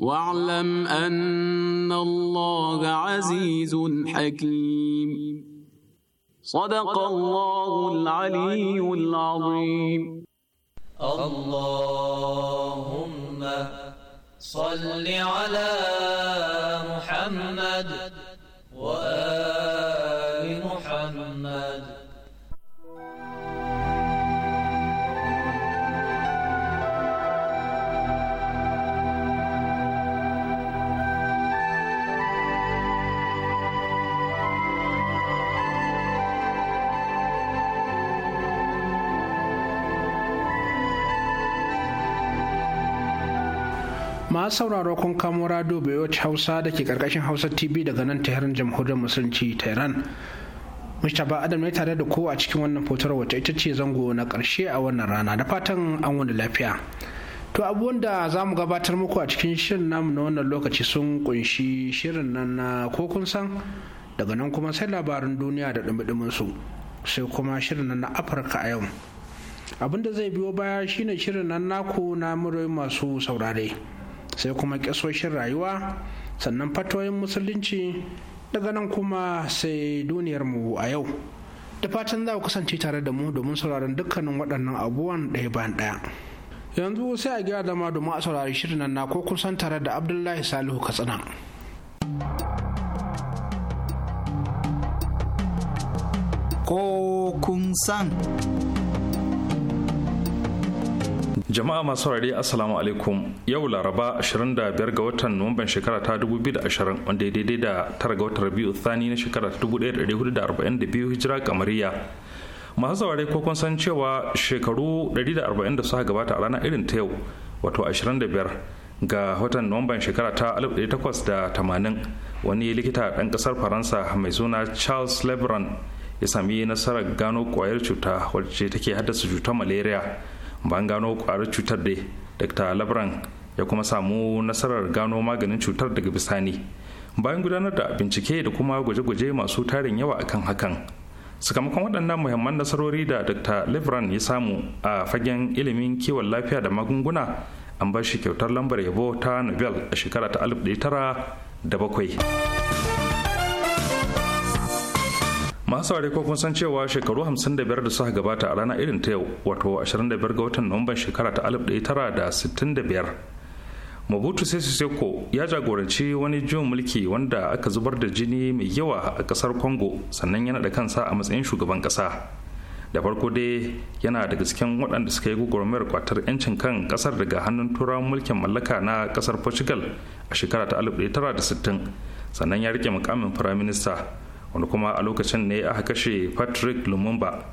واعلم أن الله عزيز حكيم صدق الله العلي العظيم اللهم صل على محمد وآل sauraro kun kamo rado bayot hausa da ke karkashin hausa tv daga nan tehran jamhuriyar musulunci ta iran mustapha adam ne tare da ko a cikin wannan fotar wacce ita ce zango na karshe a wannan rana da fatan an wani lafiya to abubuwan da za mu gabatar muku a cikin shirin namu na wannan lokaci sun kunshi shirin nan na ko kun san daga nan kuma sai labarin duniya da dumi su sai kuma shirin nan na afirka a yau abin da zai biyo baya shine shirin nan naku na murai masu saurare sai kuma kyasoshin rayuwa sannan fatoyin musulunci daga nan kuma sai duniyarmu a yau da fatan za ku kasance tare da mu domin sauraron dukkanin waɗannan abubuwan ɗaya bayan ɗaya yanzu sai a gyara dama domin a saurari shirin nan na ko kusan tare da abdullahi salihu katsina ko kun san jama'a masu saurari assalamu alaikum yau laraba 25 ga watan nuwamban shekara ta 2020 wanda ya daidai da tara ga watan rabiu thani na shekara ta 1442 hijira kamariya masu saurari ko kun san cewa shekaru 140 da suka gabata a ranar irin ta yau wato 25 ga watan nuwamban shekara ta 1880 wani likita ɗan ƙasar faransa mai suna charles lebron ya sami nasarar gano kwayar cuta wacce take haddasa cutar malaria bayan gano kwarar cutar dai dr labran ya kuma samu nasarar gano maganin cutar daga bisani bayan gudanar da bincike da kuma gwaje-gwaje masu tarin yawa akan hakan sakamakon waɗannan muhimman nasarori da dr lebron ya samu a fagen ilimin kiwon lafiya da magunguna an bashi kyautar lambar yabo ta nobel a shekara ta 1907 masu ware ko kun san cewa shekaru 55 da suka gabata a ranar irin ta yau wato 25 ga watan nuwamban shekara ta 1965 mobutu sese seko ya jagoranci wani juyin mulki wanda aka zubar da jini mai yawa a kasar congo sannan yana da kansa a matsayin shugaban kasa da farko dai yana daga cikin waɗanda suka yi gugurmiyar kwatar 'yancin kan kasar daga hannun turawan mulkin mallaka na kasar portugal a shekara ta 1960 sannan ya rike mukamin firaminista wanda kuma a lokacin ne aka kashe patrick lumumba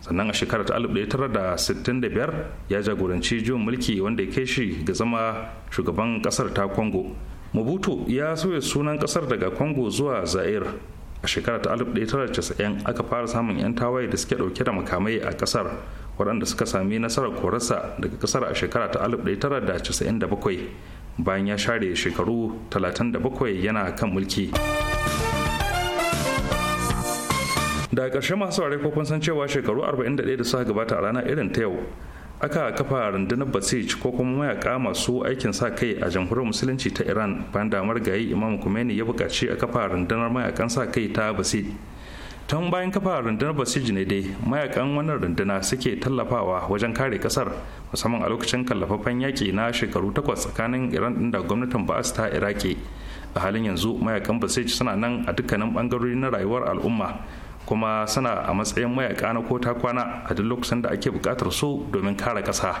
sannan a shekarar ta 1965 ya jagoranci juyin mulki wanda ya kai shi ga zama shugaban kasar ta congo mobutu ya soya sunan kasar daga congo zuwa zaire a shekarar ta 1990 aka fara samun 'yan tawaye da suke dauke da makamai a kasar waɗanda suka sami nasarar korarsa daga kasar a shekara ta 1997 bayan ya share shekaru 37 yana kan mulki. da ƙarshe masu ware ko kun san cewa shekaru 41 da suka gabata a rana irin ta yau aka kafa rundunar basij ko kuma mayaka masu aikin sa kai a jamhuriyar musulunci ta iran bayan da gayi imam kumeni ya buƙaci a kafa rundunar mayakan sa kai ta basij tun bayan kafa rundunar basij ne dai mayakan wannan runduna suke tallafawa wajen kare kasar musamman a lokacin kallafaffen yaƙi na shekaru takwas tsakanin iran din da gwamnatin ba'as ta iraki a halin yanzu mayakan basij suna nan a dukkanin bangarori na rayuwar al'umma kuma suna a matsayin mayaka na ko ta kwana a duk lokacin da ake bukatar su domin kare ƙasa.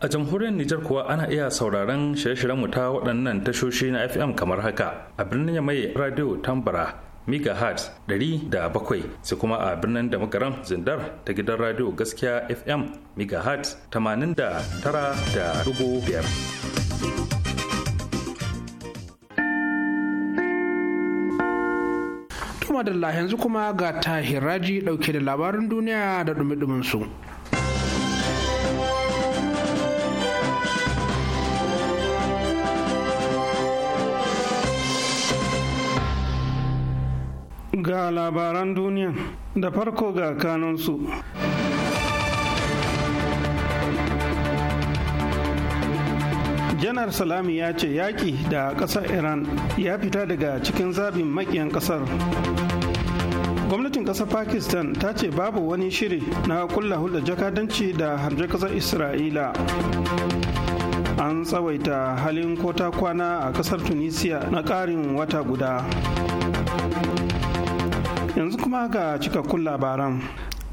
A jamhuriyar Nijar kuwa ana iya sauraron shirye-shiryen wuta waɗannan tashoshi na FM kamar haka a birnin mai radio Tambara megahertz 107 sai kuma a birnin da magaram zindar ta gidan radio gaskiya fm megahertz 89.5 Kuma da yanzu kuma ga tahiraji ɗauke da labarin duniya da dumi su. ga labaran duniya da farko ga kanunsu. janar salami ya ce yaƙi da ƙasar iran ya fita daga cikin zabin maƙiyan ƙasar gwamnatin ƙasar pakistan ta ce babu wani shiri na kulla hulɗar jakadanci da harje ƙasar isra'ila an tsawaita halin kota kwana a ƙasar tunisia na ƙarin wata guda yanzu kuma ga cikakkun labaran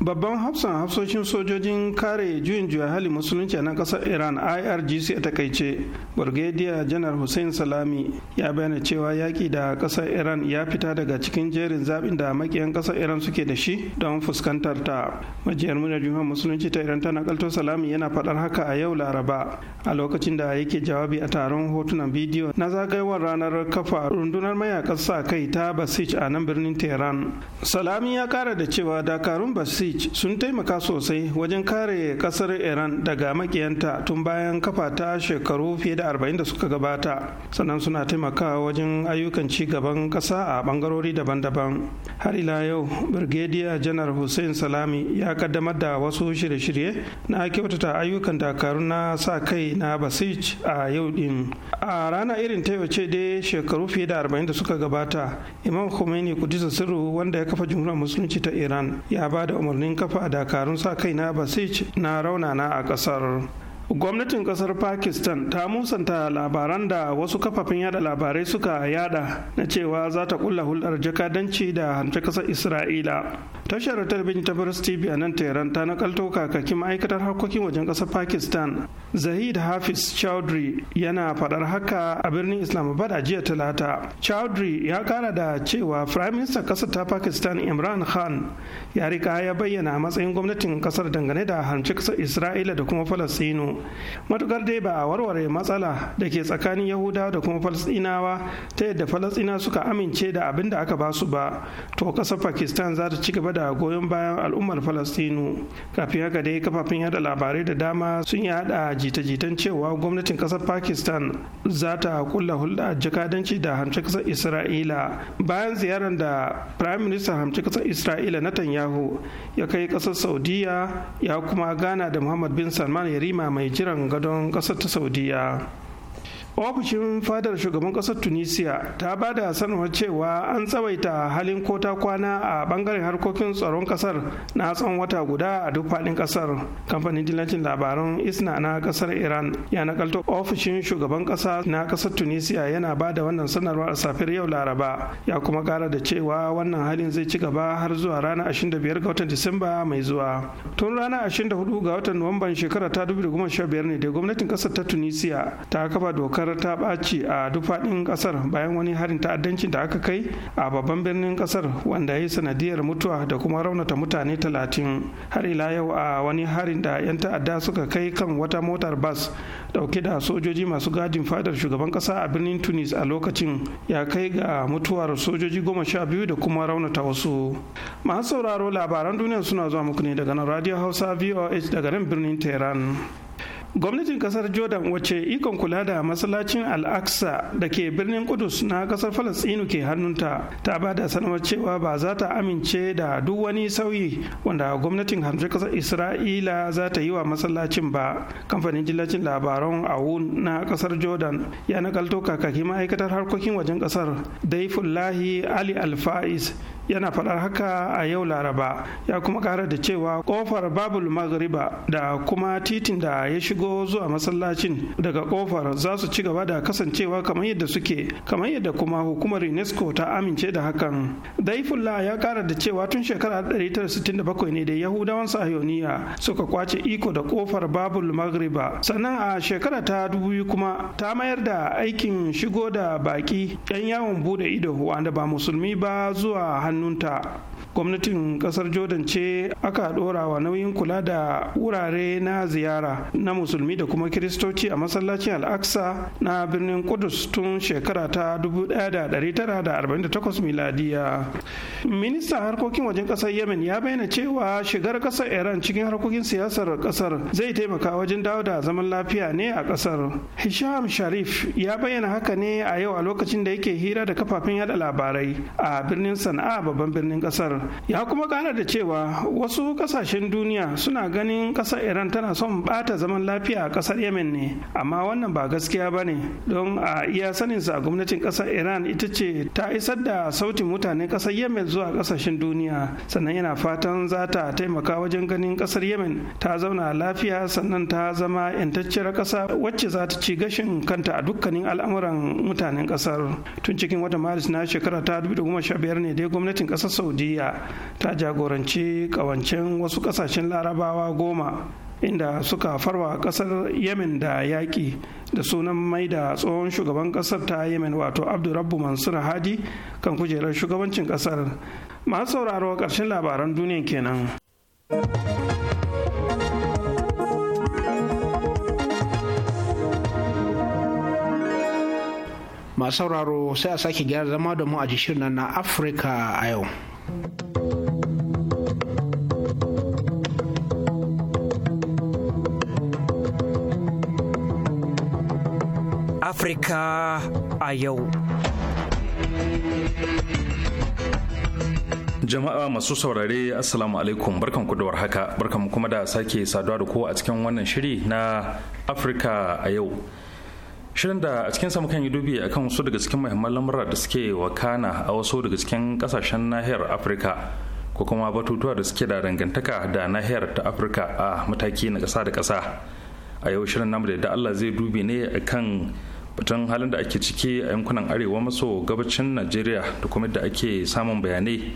babban hafsan hafsoshin sojojin kare juyin juya hali musulunci na kasar iran irgc a takaice Burgediya janar hussein salami ya bayyana cewa yaƙi da kasar iran ya fita daga cikin jerin zaɓin da makiyan kasar iran suke da shi don fuskantar ta majiyar munar juyin musulunci ta iran tana kalto salami yana faɗar haka a yau laraba a lokacin da yake jawabi a taron hotunan bidiyo na zagayowar ranar kafa rundunar mayakan sa kai ta basij a nan birnin tehran salami ya kara da cewa dakarun basij Beach sun taimaka sosai wajen kare kasar Iran daga makiyanta tun bayan kafa ta shekaru fiye da 40 da suka gabata. Sannan suna taimakawa wajen ayyukan ci gaban ƙasa a bangarori daban-daban. Har ila yau, Brigadier Janar Hussein Salami ya kaddamar da wasu shirye-shirye na kyautata ayyukan dakaru na sa kai na Basij a yau din. A rana irin ta yau ce dai shekaru fiye da 40 da suka gabata, Imam Khomeini Kudisa Sirru wanda ya kafa jumhuriyar musulunci ta Iran ya ba da umarni umarnin kafa dakarun sa kai na basij na raunana a kasar gwamnatin kasar pakistan ta musanta labaran da wasu kafafen yada labarai suka yada na cewa za ta kulla hulɗar jakadanci da hanci kasar isra'ila tashar talabijin ta bar tv a nan tehran ta nakalto kakakin ma'aikatar harkokin wajen kasar pakistan zahid hafiz chowdhury yana faɗar haka a birnin islamabad a jiya talata chowdhury ya kara da cewa prime minister kasar ta pakistan imran khan ya rika ya bayyana matsayin gwamnatin kasar dangane da hanci kasar isra'ila da kuma falastinu matukar dai ba a warware matsala da ke tsakanin yahudawa da kuma falasɗinawa ta yadda falasɗina suka amince da abin da aka basu ba to ƙasar pakistan za ta ci gaba da goyon bayan al'ummar falasɗinu kafin haka dai kafafen yada labarai da dama sun yi hada jita-jitan cewa gwamnatin ƙasar pakistan za ta kulla hulɗa jakadanci da hamce ƙasar isra'ila bayan ziyarar da prime minister Hamci ƙasar isra'ila netanyahu ya kai ƙasar saudiya ya kuma gana da muhammad bin salman yarima mai mai jiran gadon ƙasar ta saudiya ofishin fadar shugaban kasar tunisia ta ba da sanarwar cewa an tsawaita halin kota kwana a bangaren harkokin tsaron kasar na tsawon wata guda a duk faɗin kasar kamfanin dillacin labaran isna na kasar iran ya nakalto ofishin shugaban kasa na kasar tunisia yana ba da wannan sanarwar a safiyar yau laraba ya kuma kara da cewa wannan halin zai ci gaba har zuwa ranar 25 ga watan disamba mai zuwa tun ranar 24 ga watan nuwamban shekara ta 2015 ne da gwamnatin kasar ta tunisia ta kafa dokar dokar ta ɓaci a dufaɗin ƙasar bayan wani harin ta'addanci da aka kai a babban birnin ƙasar wanda ya yi sanadiyar mutuwa da kuma raunata mutane talatin har ila yau a wani harin da 'yan ta'adda suka kai kan wata motar bas dauke da sojoji masu gadin fadar shugaban ƙasa a birnin tunis a lokacin ya kai ga mutuwar sojoji goma sha biyu da kuma raunata wasu masu sauraro labaran duniya suna zuwa muku ne daga nan radio hausa voh daga nan birnin tehran gwamnatin kasar jordan wacce ikon kula da masallacin al-aqsa da ke birnin kudus na kasar falastinu ke hannunta ta ba da sanarwar cewa ba za ta amince da duk wani sauyi wanda gwamnatin hamshe kasar isra'ila za ta yi wa masallacin ba kamfanin jillacin labaran awun na kasar jordan ya nakalto kakaki ma'aikatar harkokin wajen kasar daifullahi ali Al al-fa'is yana faɗar haka a yau laraba ya kuma ƙara da cewa ƙofar babul magriba da kuma titin da ya shigo zuwa masallacin daga ƙofar za su ci gaba da kasancewa kamar yadda suke kamar yadda kuma hukumar unesco ta amince da hakan daifullah ya ƙara da cewa tun shekara 1967 ne da yahudawan sahiyoniya suka kwace iko da ƙofar babul magriba sannan a shekara ta dubu kuma ta mayar da aikin shigo da baƙi 'yan yawon bude ido wanda ba musulmi ba zuwa hannunta gwamnatin kasar jordan ce aka ɗorawa nauyin kula da wurare na ziyara na musulmi da kuma kiristoci a masallacin al'aksa na birnin kudus tun shekara ta 1948 miladiya ministan harkokin wajen kasar yemen ya bayyana cewa shigar kasar iran cikin harkokin siyasar kasar zai taimaka wajen dawo da zaman lafiya ne a kasar hisham sharif ya bayyana haka ne a yau a lokacin da yake hira da kafafen yada labarai a birnin sana'a babban birnin kasar ya kuma kara da cewa wasu kasashen duniya suna ganin kasar iran tana son bata zaman lafiya a kasar yemen ne amma wannan ba gaskiya ba ne don a iya sanin sa gwamnatin kasar iran ita ce ta isar da sautin mutanen kasar yemen zuwa kasashen duniya sannan yana fatan za ta taimaka wajen ganin kasar yemen ta zauna lafiya sannan ta zama yantacciyar kasa wacce za ta ci gashin kanta a dukkanin al'amuran mutanen kasar tun cikin watan maris na shekara ta 2015 ne dai gwamnatin kasar saudiya ta jagoranci kawancin wasu kasashen larabawa goma inda suka farwa kasar yemen da yaƙi da sunan mai da tsohon shugaban kasar ta yemen wato abdurrabbu mansur hadi kan kujerar shugabancin kasar masu sauraro ƙarshen labaran duniya kenan masu sauraro sai a sake gyara zama da mu a shirin na afirka a yau Afirka a yau. Jama'a masu saurare Assalamu alaikum barkan da warhaka barkan kuma da sake saduwa da ku a cikin wannan shiri na Afirka a yau. shirin da a cikin samu kan yi dubi a kan wasu daga cikin muhimman lamura da suke wakana a wasu daga cikin kasashen nahiyar afirka ko kuma batutuwa da suke da dangantaka da nahiyar ta afirka a mataki na kasa da kasa a yau shirin namu da allah zai dubi ne a kan batun halin da ake ciki a yankunan arewa maso gabacin najeriya da kuma da ake samun bayanai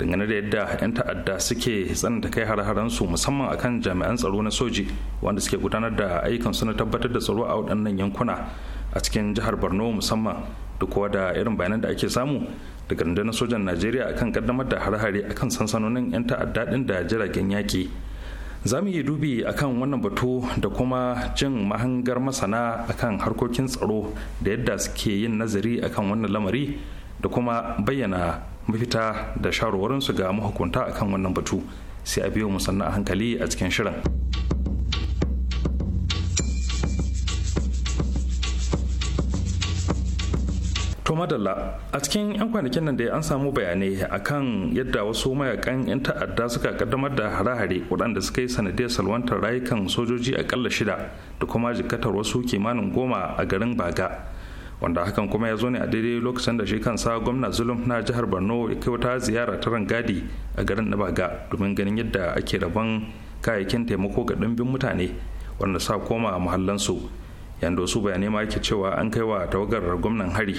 dangane da yadda 'yan ta'adda suke tsananta kai har-haransu musamman akan jami'an tsaro na soji wanda suke gudanar da ayyukan na tabbatar da tsaro a waɗannan yankuna a cikin jihar borno musamman da kuwa da irin bayanan da ake samu daga rundunar sojan najeriya akan kaddamar da har-hare akan sansanonin 'yan ta'adda ɗin da jiragen yaƙi za mu yi dubi akan wannan batu da kuma jin mahangar masana akan harkokin tsaro da yadda suke yin nazari akan wannan lamari da kuma bayyana mafita da shawarwarinsu ga mahukunta akan wannan batu sai a biyo musanna a hankali a cikin shirin To madalla a cikin 'yan kwanakin nan da an samu bayanai akan yadda wasu mayakan 'yan ta'adda suka kaddamar da hare-hare waɗanda suka yi sanadiyar salwantar rayukan sojoji akalla shida da kuma jikatar wasu kimanin goma a garin baga wanda hakan kuma ya zo ne a daidai lokacin da shi kansa gwamna zulum na jihar borno ya kai wata ziyara ta rangadi a garin nibaga domin ganin yadda ake rabon kayayyakin taimako ga ɗimbin mutane wanda sa koma muhallansu yanda wasu bayanai ma ake cewa an kai wa tawagar gwamnan hari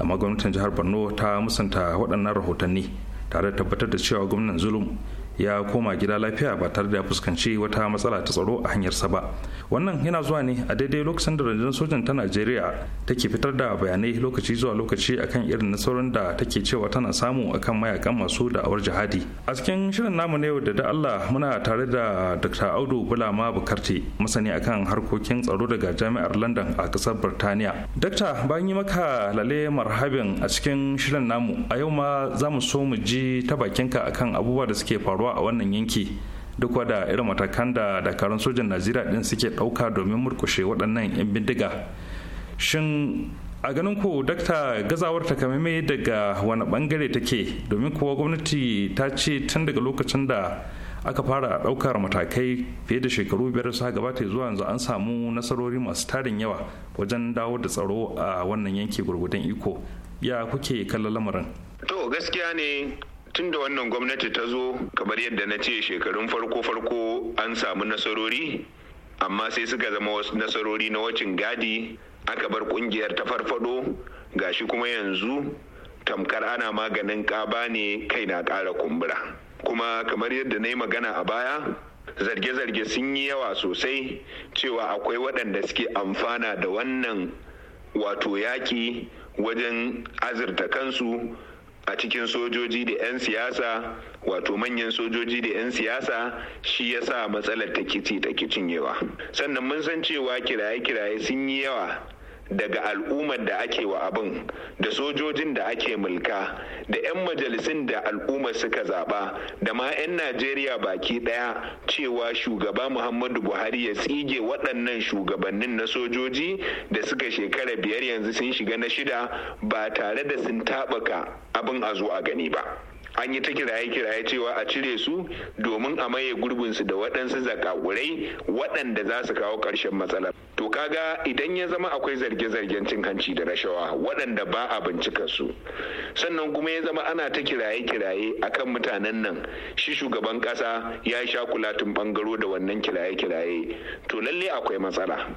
amma gwamnatin jihar borno ta musanta waɗannan rahotanni tare da tabbatar da cewa gwamnan zulum ya koma gida lafiya ba tare da fuskanci wata matsala ta tsaro a hanyarsa ba wannan yana zuwa ne a daidai lokacin da rundunar sojan ta najeriya take fitar da bayanai lokaci zuwa lokaci akan irin nasarorin da take cewa tana samu akan mayakan masu da'awar jihadi a cikin shirin namu na yau da da allah muna tare da dr audu bulama bukarti masani akan harkokin tsaro daga jami'ar london a kasar birtaniya Dr. bayan yi maka lale marhabin a cikin shirin namu a yau ma za mu so mu ji ta bakinka akan abubuwa da suke faruwa iraniyawa a wannan yanki duk wada irin matakan da dakarun sojan najeriya din suke ɗauka domin murkushe waɗannan 'yan bindiga shin a ganin ku dakta gazawar takamaimai daga wani bangare take domin kuwa gwamnati ta ce tun daga lokacin da aka fara ɗaukar matakai fiye da shekaru biyar su gabata zuwa yanzu an samu nasarori masu tarin yawa wajen dawo da tsaro a wannan yanki gurgudan iko ya kuke kallon lamarin to gaskiya ne tun da wannan gwamnati ta zo kamar yadda na ce shekarun farko-farko an samu nasarori amma sai suka zama wasu nasarori na wacin gadi aka bar kungiyar ta farfado shi kuma yanzu tamkar ana maganin ƙaba ne kai na ƙara kumbura kuma kamar yadda na yi magana a baya zarge-zarge sun yi yawa sosai cewa akwai waɗanda suke amfana da wannan wato yaƙi wajen azurta kansu a cikin sojoji da 'yan siyasa wato manyan sojoji da 'yan siyasa shi ya sa matsalar ta kici ta yawa sannan mun san cewa kiraye-kiraye sun yi yawa daga al'ummar da ake wa abin da sojojin da ake mulka da 'yan majalisun da al'ummar suka zaba da ma 'yan najeriya baki daya cewa shugaba muhammadu buhari ya tsige waɗannan shugabannin na sojoji da suka shekara biyar yanzu sun shiga na shida ba tare da sun taɓaka abin a zo a gani ba an yi ta kiraye-kiraye cewa a cire su domin a maye gurbinsu da waɗansu zakakurai waɗanda za su kawo ƙarshen matsalar. To kaga idan ya zama akwai zarge-zargen cin hanci da rashawa waɗanda ba a bincika su. Sannan kuma ya zama ana ta kiraye-kiraye akan mutanen nan shi shugaban ƙasa ya sha kulatun ɓangaro da wannan kiraye-kiraye to lalle akwai matsala.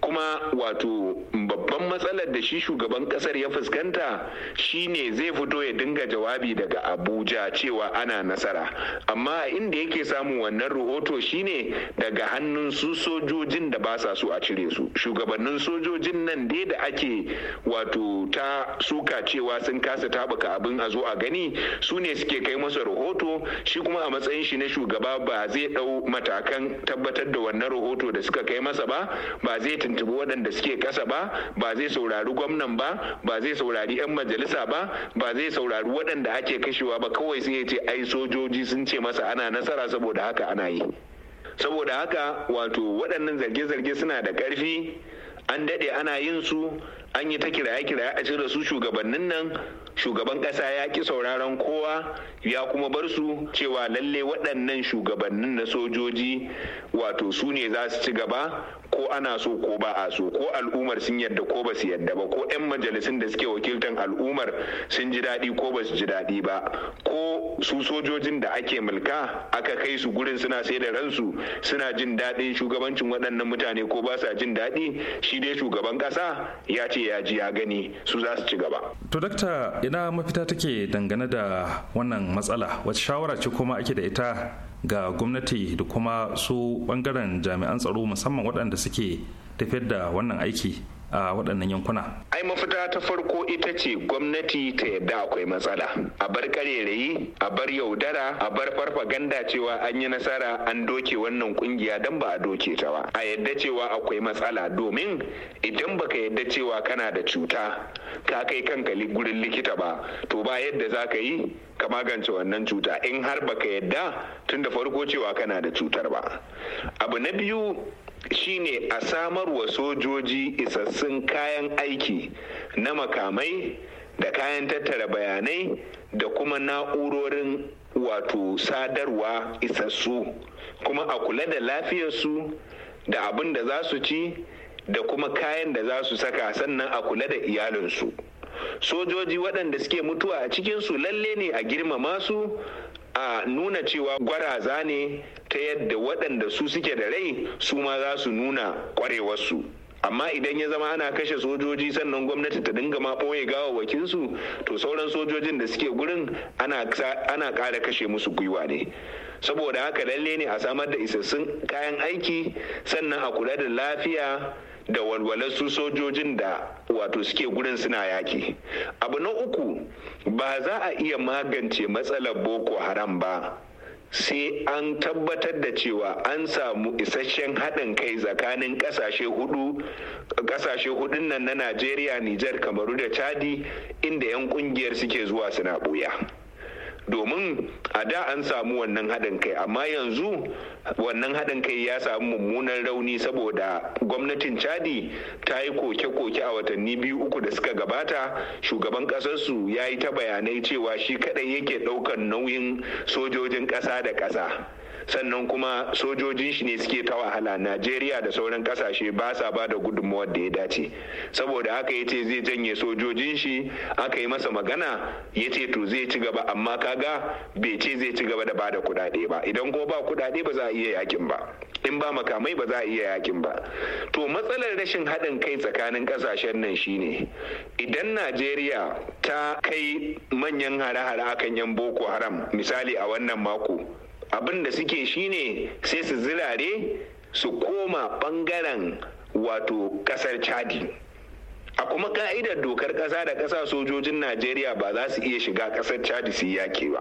kuma wato babban matsalar da shi shugaban kasar ya fuskanta shi ne zai fito ya dinga jawabi daga abuja cewa ana nasara amma inda yake samun wannan rahoto shine daga hannun su sojojin da ba sa so a cire su shugabannin sojojin nan dai da ake wato ta suka cewa sun kasa tabuka abin a zo a gani su ne suke kai masa rahoto shi kuma a matsayin shi na shugaba ba zai dau matakan tabbatar da wannan rahoto da suka kai masa ba ba zai tuntubi waɗanda suke ƙasa ba ba zai saurari gwamnan ba ba zai saurari 'yan majalisa ba ba zai saurari waɗanda ake kashewa ba kawai sai ce ai sojoji sun ce masa ana nasara saboda haka ana yi saboda haka wato waɗannan zarge-zarge suna da ƙarfi an daɗe ana yin su an yi ta kiraye-kiraye a cire su shugabannin nan shugaban kasa ya ki sauraron kowa ya kuma bar su cewa lalle waɗannan shugabannin na sojoji wato su ne za su ci gaba ko ana so ko ba a so ko al'ummar sun yadda ko ba su yadda ba ko 'yan majalisun da suke wakiltan al'ummar sun ji daɗi ko ba su ji daɗi ba ko su sojojin da ake mulka aka kai su gurin suna sai da ransu suna jin daɗin shugabancin waɗannan mutane ko ba sa jin daɗi shi dai shugaban ƙasa ya ce ya ji ya gani su za su ci gaba. To dakta ina mafita take dangane da wannan matsala wacce shawara ce kuma ake da ita ga gwamnati da kuma su bangaren jami'an tsaro musamman waɗanda suke tafiyar da wannan aiki. a waɗannan yankuna ai mafita ta farko ita ce gwamnati ta yadda akwai matsala a bar karerayi a bar yaudara a bar farfaganda cewa an yi nasara an doke wannan kungiya don ba a doke ta ba a yadda cewa akwai matsala domin idan baka yadda cewa kana da cuta ka kai kanka gurin likita ba to ba yadda za ka yi ka magance wannan cuta in har baka yadda tun da farko cewa kana da cutar ba abu na biyu shine a samar wa sojoji isassun kayan aiki na makamai da kayan tattara bayanai da kuma na'urorin wato sadarwa isassu kuma a kula da lafiyarsu da abin da za su ci da kuma kayan da za su saka sannan a kula da iyalinsu sojoji waɗanda suke mutuwa a cikinsu lalle ne a girmama su a nuna cewa gwaraza ne ta yadda waɗanda su suke da rai su ma za su nuna ƙwarewarsu amma idan ya zama ana kashe sojoji sannan gwamnati ta dinga ma ɓoye gawawakinsu to sauran sojojin da suke gurin ana ƙara kashe musu gwiwa ne saboda haka lalle ne a samar da isassun kayan aiki sannan a kula da lafiya da walwalar su sojojin da wato suke gurin suna yaki abu na uku ba za a iya magance matsalar boko haram ba sai an tabbatar da cewa an samu isasshen haɗin kai tsakanin ƙasashe hudu ƙasashe hudun nan na najeriya nijar kamaru da chadi inda 'yan ƙungiyar suke zuwa suna ɓuya. domin a da an samu wannan haɗin kai amma yanzu wannan haɗin kai ya samu mummunan rauni saboda gwamnatin chadi ta yi koke-koke a watanni biyu uku da suka gabata shugaban ƙasarsu ya yi ta bayanai cewa shi kaɗai yake ɗaukan nauyin sojojin ƙasa da ƙasa sannan kuma sojojin shi ne suke ta wahala najeriya da sauran kasashe ba sa ba da gudunmawar da ya dace saboda haka ya ce zai janye sojojin shi aka yi masa magana ya ce to zai ci gaba amma kaga bai ce zai ci gaba da ba da kudade ba idan ko ba kudade ba za a iya yakin ba in ba makamai ba za a iya yakin ba to matsalar rashin haɗin kai tsakanin kasashen nan shine idan najeriya ta kai manyan hare-hare akan yan boko haram misali a wannan mako abin da suke shine sai su zirare su koma bangaren wato kasar chadi a kuma ka'idar dokar kasa da kasa sojojin najeriya ba za su iya shiga kasar chadi su yi ba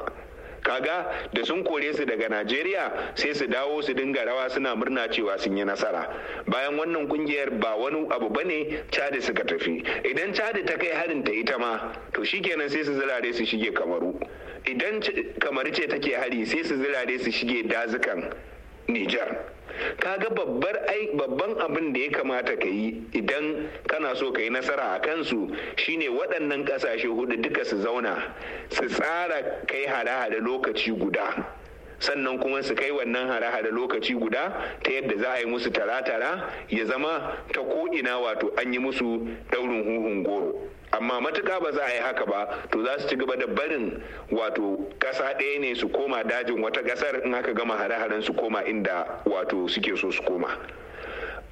kaga da sun kore su daga najeriya sai su dawo su dinga rawa suna murna cewa sun yi nasara bayan wannan kungiyar ba wani abu bane chadi suka tafi idan chadi ta kai harin ta ita ma to shikenan sai su zirare su shige kamaru idan kamar ce take hari sai su zirare su shige dazukan Nijar. kaga babbar ai babban abin da ya kamata ka yi idan kana so ka yi nasara a kansu shine waɗannan ƙasashe hudu duka su zauna su tsara kai hada-hada lokaci guda sannan kuma su kai wannan hare-hare lokaci guda ta yadda za a yi musu tara-tara ya zama ta ko'ina wato an yi musu daurin huhun goro amma matuka ba za a yi haka ba to za su ci gaba da barin wato ƙasa ɗaya ne su koma dajin wata ƙasar in aka gama hare-haren su koma inda wato suke so su koma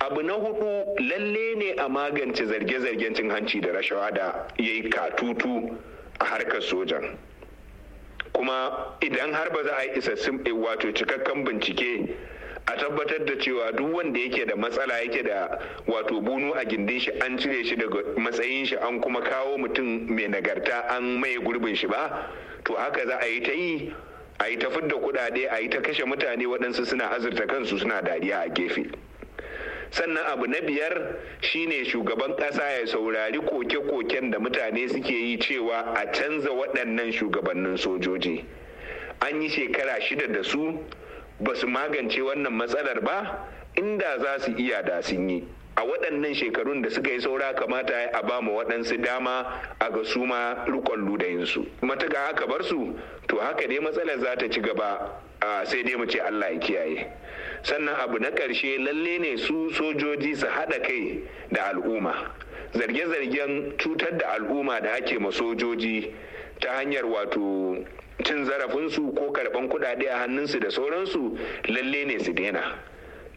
abu na hudu lalle ne a magance zarge-zargen cin hanci da rashawa da ya yi katutu a harkar sojan kuma idan har ba za a isa isassun eh, wato cikakken bincike a tabbatar da cewa duk wanda yake da matsala yake da wato bunu a gindin shi an cire shi daga matsayin shi an kuma kawo mutum mai nagarta an maye gurbin shi ba to haka za a yi ta yi a yi ta fidda kudade a yi ta kashe mutane waɗansu suna azurta kansu suna dariya a gefe. sannan abu na biyar shine shugaban ƙasa ya saurari koke-koken da mutane suke yi cewa a canza waɗannan shugabannin sojoji an yi shekara shida da su ba su magance wannan matsalar ba inda za su iya da sun yi a waɗannan shekarun da suka yi saura kamata a ba mu waɗansu dama a ga su ma rukon ludayinsu matuka haka bar su to haka dai matsalar za ta ci gaba sai dai mu ce Allah ya kiyaye sannan abu na ƙarshe lalle ne su sojoji su haɗa kai da al'umma zarge-zargen cutar da al'umma da ake ma sojoji ta hanyar wato cin zarafinsu ko karɓan kuɗaɗe a hannunsu da sauransu lalle ne su daina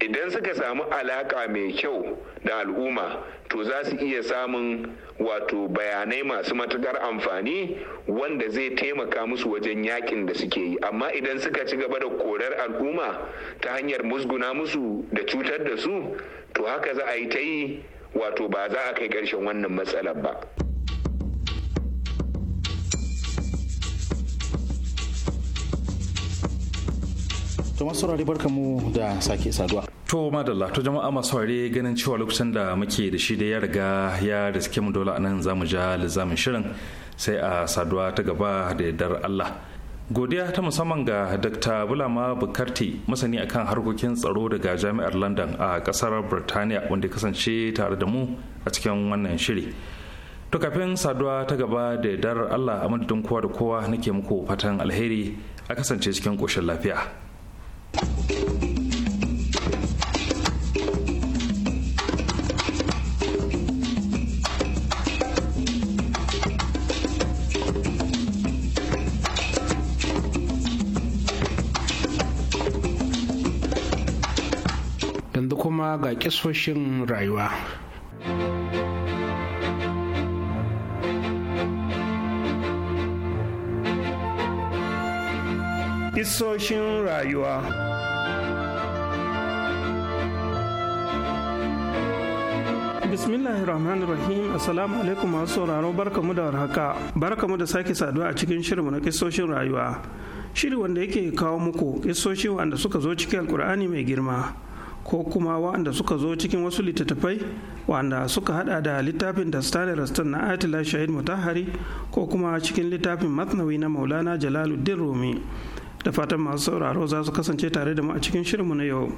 idan suka samu alaka mai kyau da al'umma to za su iya samun wato bayanai masu matukar amfani wanda zai taimaka musu wajen yakin da suke yi amma idan suka ci gaba da korar al'umma ta hanyar musguna musu da cutar da su to haka za a yi ta yi wato ba za a kai ƙarshen wannan matsalar ba. to masu saurari barka mu da sake saduwa to madalla to jama'a masu saurari ganin cewa lokacin da muke da shi da ya riga ya riske mu dole anan zamu ja lizamin shirin sai a saduwa ta gaba da yardar Allah godiya ta musamman ga dr bulama bukarti masani akan harkokin tsaro daga jami'ar london a kasar birtaniya wanda kasance tare da mu a cikin wannan shiri to kafin saduwa ta gaba da dar allah a madadin kowa da kowa nake muku fatan alheri a kasance cikin koshin lafiya kuma ga kisoshin rayuwa. Kisoshin rayuwa rahim Assalamu alaikum masu sauraro barkamu da warhaka barkamu da sake saduwa a cikin shirinmu na kisoshin rayuwa shiri wanda yake kawo muku kisoshi wanda suka zo cikin alkur'ani mai girma ko kuma waɗanda suka zo cikin wasu littattafai waɗanda suka hada da littafin da stanley rastan na atila shahid mutahari ko kuma cikin littafin matnawi na maulana jalaluddin rumi da fatan masu sauraro za su kasance tare da mu a cikin shirinmu na yau.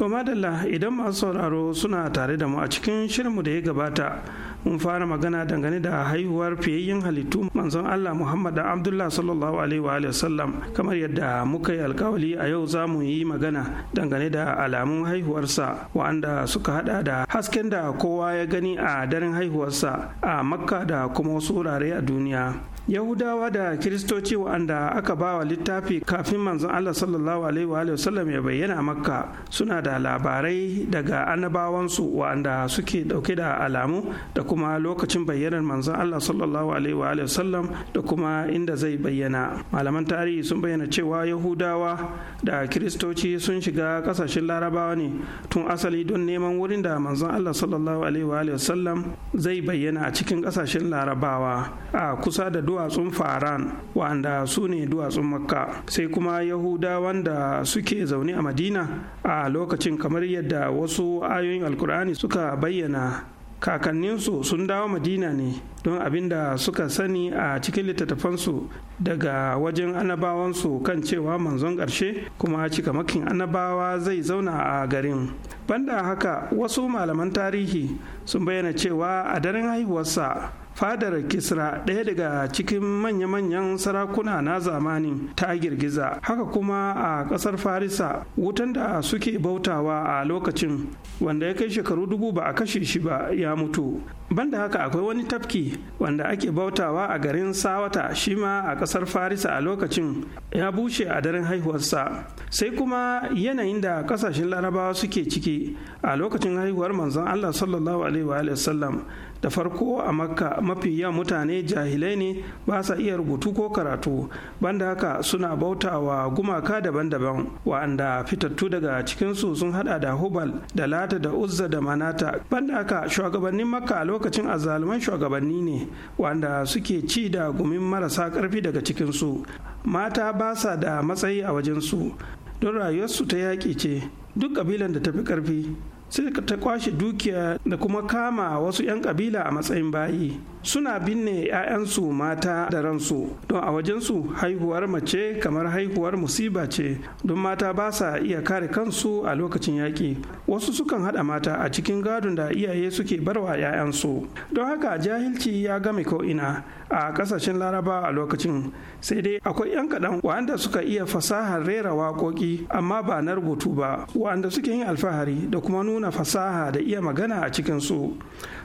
To madalla idan masu sauraro suna tare da mu a cikin shirinmu da ya gabata mun fara magana dangane da haihuwar fiyayyen halittu manzon Allah Muhammad da Abdullah sallallahu alaihi wa sallam kamar yadda muka yi alkawali a yau za mu yi magana dangane da alamun haihuwarsa wa'anda suka hada da hasken da kowa ya gani a daren haihuwarsa a Makka da kuma wasu wurare a duniya yahudawa da kiristoci wa'anda aka ba wa littafi kafin manzon allah sallallahu alaihi wa ya bayyana a makka suna da labarai daga annabawansu wa'anda suke dauke da alamu da kuma lokacin bayyanar manzon allah sallallahu alaihi wa da kuma inda zai bayyana malaman tarihi sun bayyana cewa yahudawa da kiristoci sun shiga kasashen larabawa ne tun asali don neman wurin da manzon allah sallallahu alaihi wa zai bayyana a cikin kasashen larabawa a kusa da duwatsun faran wanda su ne duwatsun makka sai kuma yahudawan wanda suke zaune a madina a lokacin kamar yadda wasu ayoyin alkur'ani suka bayyana kakanninsu sun dawo madina ne don abin da suka sani a cikin littattafansu daga wajen annabawansu kan cewa manzon ƙarshe kuma cikamakin annabawa zai zauna a garin banda haka wasu malaman tarihi sun bayyana cewa a daren haihuwarsa fadar kisra ɗaya daga cikin manya-manyan sarakuna na zamani ta girgiza haka kuma a ƙasar farisa wutan da suke bautawa a lokacin wanda ya kai shekaru dubu ba a kashe shi ba ya mutu banda haka akwai wani tafki wanda ake bautawa a garin sawata shi ma a ƙasar farisa a lokacin ya bushe a daren haihuwarsa sai kuma yanayin da ƙasashen larabawa suke ciki a lokacin haihuwar manzon allah sallallahu alaihi wa sallam da farko a makka mafi yawan mutane jahilai ne ba sa iya rubutu ko karatu banda haka suna bautawa gumaka daban-daban wa'anda fitattu daga cikinsu sun hada da hubal da lata da uzza da manata banda haka shugabannin makka a lokacin azaluman shugabanni ne wa'anda suke ci da gumin marasa karfi daga cikinsu mata ba sa da matsayi a wajensu don rayuwarsu ta yaƙi ce duk ƙabilan da ta fi ƙarfi sai ta kwashe dukiya da kuma kama wasu 'yan kabila a matsayin bayi suna binne 'ya'yansu mata da ransu don a wajensu haihuwar mace kamar haihuwar musiba ce don mata ba sa iya kare kansu a lokacin yaƙi wasu sukan haɗa mata a cikin gadon da iyaye suke barwa 'ya'yansu don haka jahilci ya game ko'ina a ƙasashen laraba a lokacin sai dai akwai 'yan kaɗan waɗanda suka iya fasahar rera waƙoƙi amma ba na rubutu ba waɗanda suke yin alfahari da kuma nuna fasaha da iya magana a cikinsu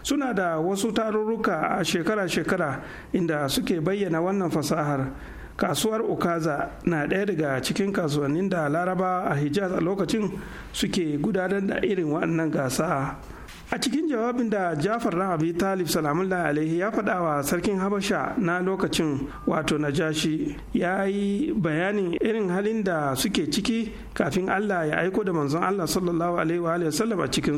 suna da wasu tarurruka a shekara-shekara inda suke bayyana wannan fasahar kasuwar Okaza na ɗaya daga cikin kasuwannin da laraba a hijaz a lokacin suke gudanar da irin wannan gasa a cikin jawabin da jafar rahabi talib salamullah alaihi ya faɗa wa sarkin habasha na lokacin wato najashi ya yi bayanin irin halin da suke ciki kafin allah ya aiko da manzon allah sallallahu alaihi wa sallam a cikin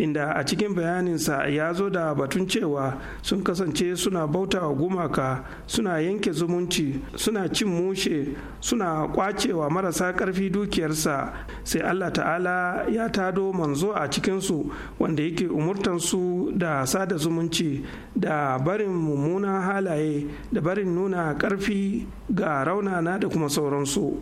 inda a cikin bayaninsa ya zo da batun cewa sun kasance suna bauta wa gumaka suna yanke zumunci suna cin mushe suna kwacewa marasa ƙarfi dukiyarsa sai allah ta'ala ya tado manzo a cikinsu wanda da yake umurtansu da sada zumunci da barin mummunan halaye da barin nuna ƙarfi ga raunana da kuma sauransu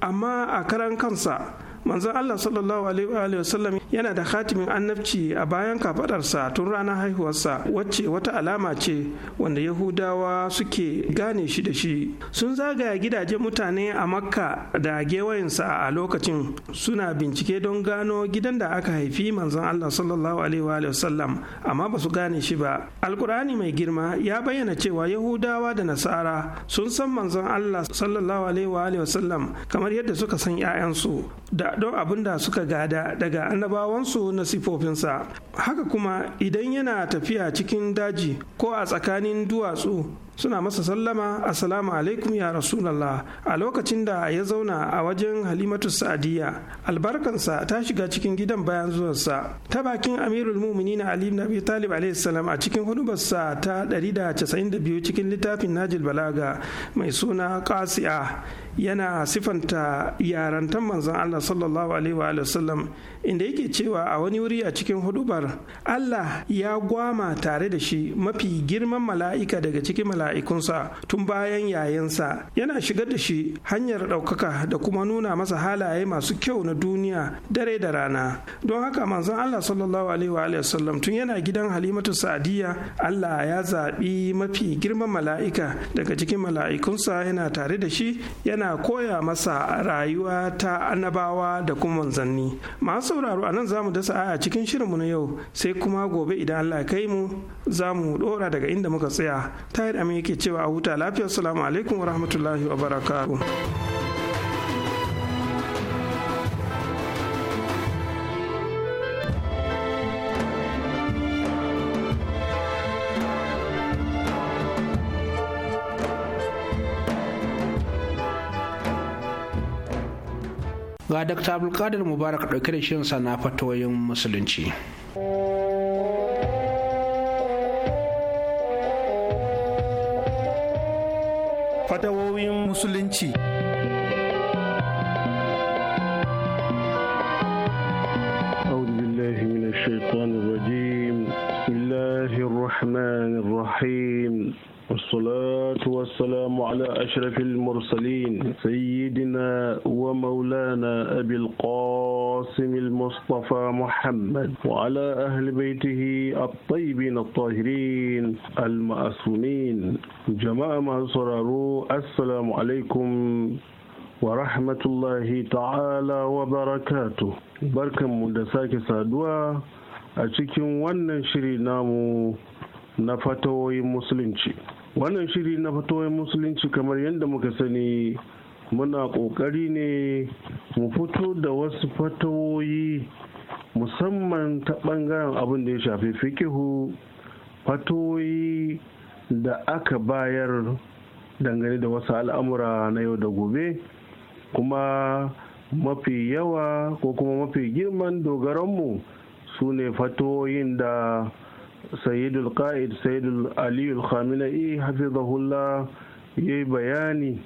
amma a karan kansa manzon Allah sallallahu alaihi wa sallam yana da khatimin annabci a bayan kafadarsa tun ranar haihuwarsa wacce wata alama ce wanda Yahudawa suke gane shi da shi sun zagaya gidajen mutane a Makka da gewayensa a lokacin suna bincike don gano gidan da aka haifi manzon Allah sallallahu alaihi wa sallam amma ba su gane shi ba alkur'ani mai girma ya bayyana cewa Yahudawa da Nasara sun san manzon Allah sallallahu alaihi wa sallam kamar yadda suka san 'ya'yansu da don abin da suka gada daga annabawansu na sifofinsa haka kuma idan yana tafiya cikin daji ko a tsakanin duwatsu suna masa sallama assalamu alaikum ya rasulallah a lokacin da ya zauna a wajen halimatu sa'adiyya albarkansa ta shiga cikin gidan bayan zuwansa ta bakin amirul muminin ali ibn abi talib alaihi salam a cikin hudubarsa ta 192 cikin littafin najil balaga mai suna qasi'a yana sifanta yarantar manzon Allah sallallahu alaihi wa sallam inda yake cewa a wani wuri a cikin hudubar Allah ya gwama tare da shi mafi girman mala'ika daga cikin mala'ikunsa tun bayan yayansa yana shigar da shi hanyar ɗaukaka da kuma nuna masa halaye masu kyau na duniya dare da rana don haka manzon Allah sallallahu alaihi wa sallam tun yana gidan Halimatu Sa'diya Allah ya zaɓi mafi girman mala'ika daga cikin mala'ikunsa yana tare da shi yana yana koya masa rayuwa ta annabawa da kuma manzanni masu sauraro a nan zamu dasa aya cikin shirinmu na yau sai kuma gobe idan Allah kai mu za mu dora daga inda muka tsaya tahir amin yake cewa a huta Lafiyar, assalamu alaikum wa rahmatullahi wa barakatuh ga dr abdulkadir mubarak ɗauke da shirin sana fatoyin musulunci fatawoyin musulunci الرحمن الرحيم والصلاة والسلام على أشرف المرسلين أبي القاسم المصطفى محمد وعلى أهل بيته الطيبين الطاهرين المأسومين جماعة ما صرروا السلام عليكم ورحمة الله تعالى وبركاته بركة مدساك سادوا أتكين وانا شري نامو نفتوي مسلمشي wannan shiri na fatoyin musulunci kamar yadda muka sani muna ƙoƙari ne mu fito da wasu fatawoyi musamman ta ɓangaren abin da ya shafi fikihu fatoyi da aka bayar dangane da wasu al'amura na yau da gobe kuma mafi yawa ko kuma mafi girman dogaranmu su ne fatoyin da sayyidul qa'id sayyidul aliyul khamina'i hafizahullah ya yi bayani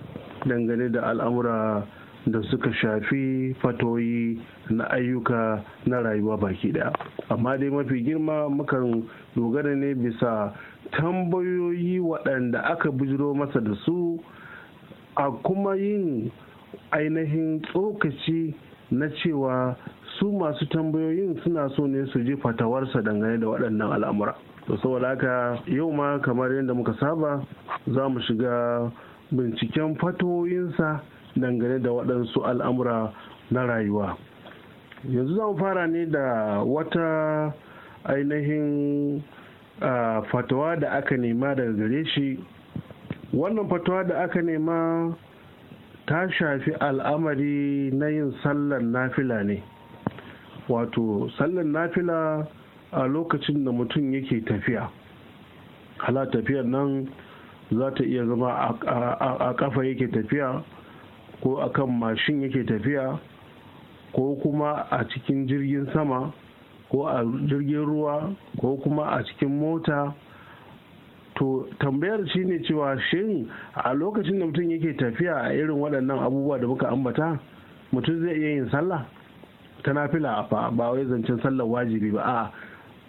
dangane da al'amura da suka shafi fatoyi na ayyuka na rayuwa baki daya amma dai mafi girma mukan dogara ne bisa tambayoyi waɗanda aka bujiro masa da su a kuma yin ainihin tsokaci na cewa su masu tambayoyin suna so ne su ji fatawarsa dangane da waɗannan al'amura to saboda haka yau ma kamar yadda muka saba za mu shiga binciken fatoyinsa dangane da waɗansu al'amura na rayuwa yanzu zan fara ne da wata ainihin fatawa da aka nema daga gare shi wannan fatawa da aka nema ta shafi al'amari na yin sallar nafila ne wato sallar nafila a lokacin da mutum yake tafiya hala tafiyar nan za ta iya zama a kafa yake tafiya ko a kan mashin yake tafiya ko kuma a cikin jirgin sama ko a jirgin ruwa ko kuma a cikin mota to tambayar shine cewa shin a lokacin da mutum yake tafiya a irin waɗannan abubuwa da muka ambata mutum zai iya yin sallah ta nafila fa ba wai zancen sallar wajibi ba a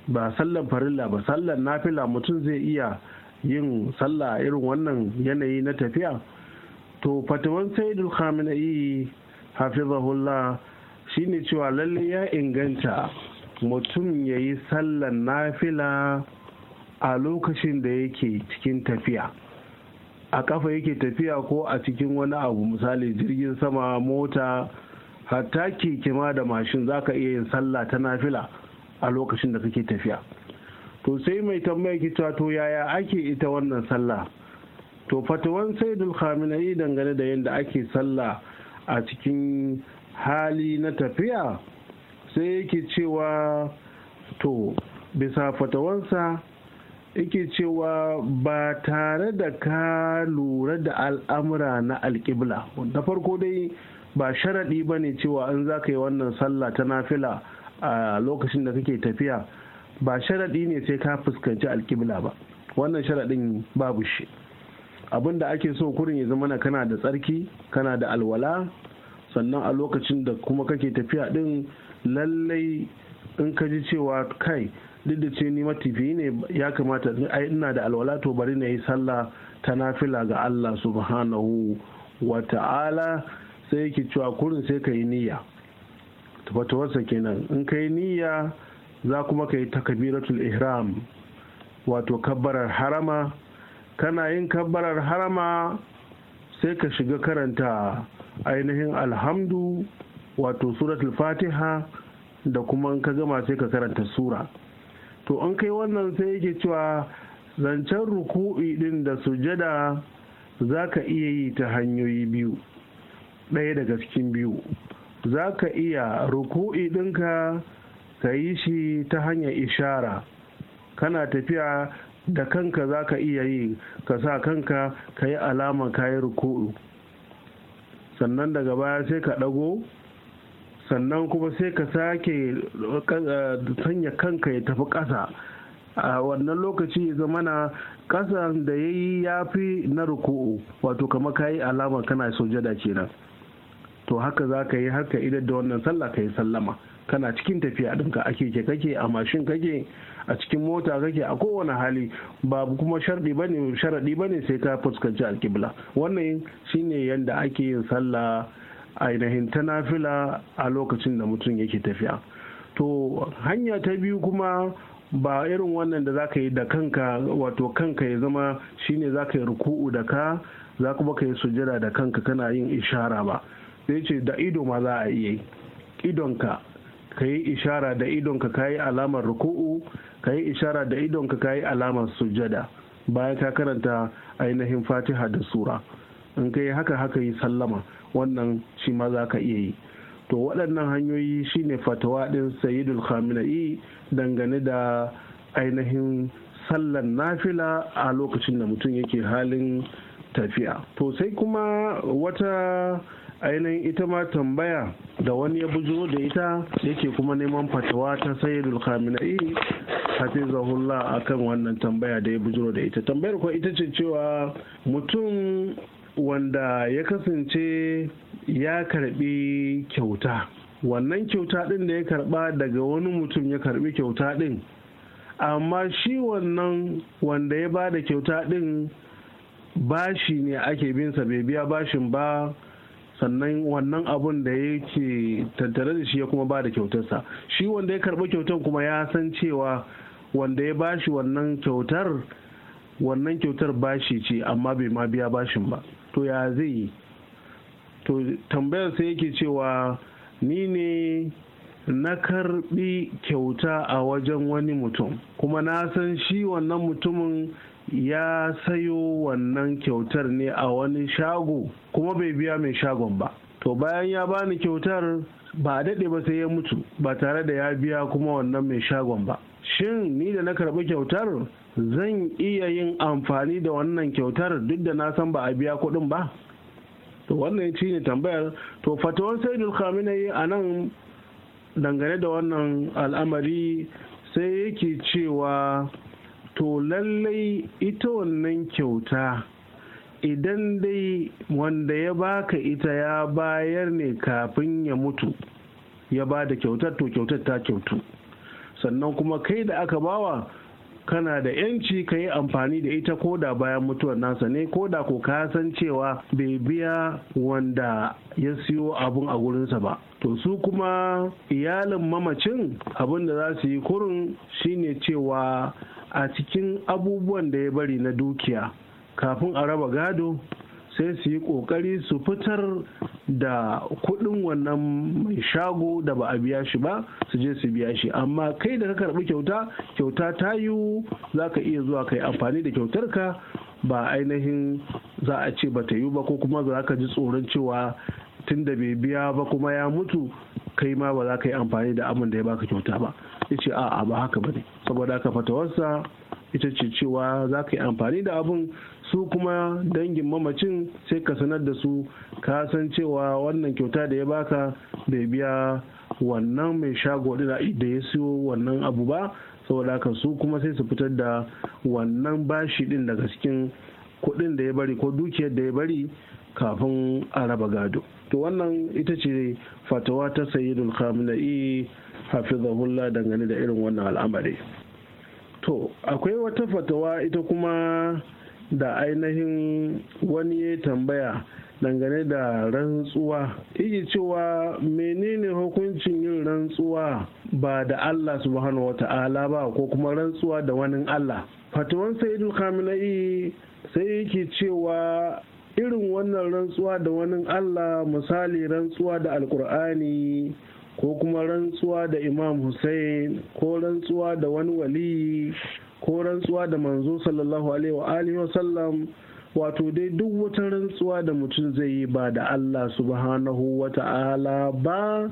ba sallar farilla ba sallar nafila mutum zai iya yin sallah irin wannan yanayi na tafiya to fatawan saidul khamenei hafizahullah shine cewa lalle ya inganta mutum ya yi sallan nafila a lokacin da yake cikin tafiya a kafa yake tafiya ko a cikin wani abu misali jirgin sama mota hatta keke ma da mashin za ka iya yin sallah ta nafila a lokacin da kake tafiya to sai mai tambaya ki cewa to yaya ake ita wannan sallah to fatawan saidul khamenei dangane da yadda ake sallah a cikin hali na tafiya sai yake cewa to bisa fatawansa yake cewa ba tare da ka lura da al'amura na alƙibla da farko dai ba sharaɗi ba ne cewa an za ka yi wannan sallah ta nafila a lokacin da kake tafiya ba sharaɗi ne sai ka fuskanci alkibla ba wannan sharaɗin babu shi abin da ake so kurin ya zama kana da tsarki kana da alwala sannan a lokacin da kuma kake tafiya ɗin lallai in ka ji cewa kai duk da ce ni matifi ne ya kamata ai ina da alwala to bari na yi sallah ta nafila ga Allah subhanahu wa ta'ala sai yake cewa kurin sai ka yi niyya tabbatuwarsa kenan in ka yi niyya za kuma ka yi takabiratul ihram wato kabbarar harama kana yin kabbarar harama sai ka shiga karanta ainihin alhamdu wato suratul fatiha da kuma in ka gama sai ka karanta sura to an kai wannan sai yake cewa zancen ruku'i din da sujada za ka iya yi ta hanyoyi biyu ɗaya daga cikin biyu za ka iya ruku'i ɗinka ka yi shi ta hanyar ishara kana tafiya da kanka za ka iya yi ka sa kanka ka yi alama ka yi ruku'u sannan daga baya sai ka ɗago sannan kuma sai ka sake eh, sanya kanka ya tafi ƙasa a wannan lokaci ya zama na ƙasan da ya yi ya fi na ruku'u wato kama ka yi alama kana sojada kenan to haka za ka yi haka idan da wannan sallah ka yi sallama kana cikin tafiya ɗinka a keke kake a mashin kake a cikin mota kake a kowane hali babu kuma sharɗi bane sharaɗi sai ka fuskanci alƙibla wannan shi ne yadda ake yin sallah ainihin ta nafila a lokacin da mutum yake tafiya to hanya ta biyu kuma ba irin wannan da zaka yi da kanka wato kanka ya zama shine zaka yi ruku'u da ka za kuma ka yi sujada da kanka kana yin ishara ba sai ce da ido ma za a iya yi idonka ka yi ishara da idonka ka yi alamar ruku'u ka yi ishara da idonka ka yi alamar sujada bayan ka karanta ainihin fatiha da sura in ka yi haka haka yi sallama wannan shi ma za ka iya yi to waɗannan hanyoyi shine fatawa ɗin sayidul khamina'i dangane da ainihin sallan nafila a lokacin da mutum yake halin tafiya to sai kuma wata ainihin ita ma tambaya da wani ya bujo da ita yake kuma neman fatawa ta sayyidul khamenei a kan wannan tambaya da ya bujo da ita tambayar kuwa ita ce cewa mutum wanda ya kasance ya karbi kyauta wannan kyauta din da ya karba daga wani mutum ya karbi kyauta din amma shi wannan wanda ya ba da kyauta din bashi ne ake bin sa, bai biya bashin ba sannan wannan abun da yake tattare da shi ya kuma ba da kyautarsa shi wanda ya karɓi kyautar kuma ya san cewa wanda ya bashi wannan kyautar wannan kyautar bashi ce amma bai ma biya bashin ba to ya zai yi to tambayar sai yake cewa ni ne na karɓi kyauta a wajen wani mutum kuma na san shi wannan mutumin ya sayo wannan kyautar ne a wani shago kuma bai biya mai shagon ba to bayan ya bani kyautar ba a daɗe ba sai ya mutu ba tare da ya biya kuma wannan mai shagon ba shin ni da na karɓi kyautar zan iya yin amfani da wannan kyautar duk da na san ba a biya kuɗin ba to wannan shi ne tambayar to fatawar saidul yi a nan dangane da wannan al'amari sai yake cewa to lallai ita wannan kyauta idan dai wanda ya baka ita ya bayar ne kafin ya mutu ya ba da kyautar to kyautar ta kyautu sannan kuma kai da aka bawa kana da yanci ka yi amfani da ita ko da bayan mutuwar nasa ne ko da ko ka san cewa bai biya wanda ya siyo abun a gurinsa ba to su kuma iyalin mamacin abin da za su yi kurin shine cewa a cikin abubuwan da ya bari na dukiya kafin a raba gado sai su yi kokari su fitar da kuɗin wannan mai shago da ba a biya shi ba su je su biya shi amma kai da ka karɓi kyauta kyauta ta yiwu za ka iya zuwa kai amfani da kyautar ka ba ainihin za a ce ba ta yiwu ba ko kuma za ka ji tsoron cewa da bai biya ba kuma ya mutu kai ma ba za ka yi amfani da abin da ya baka kyauta ba yace a'a ba haka bane saboda haka fatawarsa ita ce cewa za ka yi amfani da abin su kuma dangin mamacin sai ka sanar da su ka san cewa wannan kyauta da ya baka bai biya wannan mai shago da ya siyo wannan abu ba saboda haka su kuma sai su fitar da wannan bashi din daga cikin kuɗin da ya bari ko dukiyar da ya bari kafin a raba gado. to wannan ita ce fatawa ta sayyidul khamenei hafizahullah dangane da irin wannan al'amari to akwai wata fatawa ita kuma da ainihin wani ya tambaya dangane da rantsuwa iji cewa menene hukuncin yin rantsuwa ba da Allah subhanahu wa ta'ala ba ko kuma rantsuwa da wani Allah fatawan sayyidul khamenei sai yake cewa irin wannan rantsuwa da wani Allah misali rantsuwa da alkur'ani ko kuma rantsuwa da imam Hussein ko rantsuwa da wani wali ko rantsuwa da manzo sallallahu alaihi wa sallam wato dai duk wata rantsuwa da mutum zai yi ba da Allah subhanahu wa ta'ala ba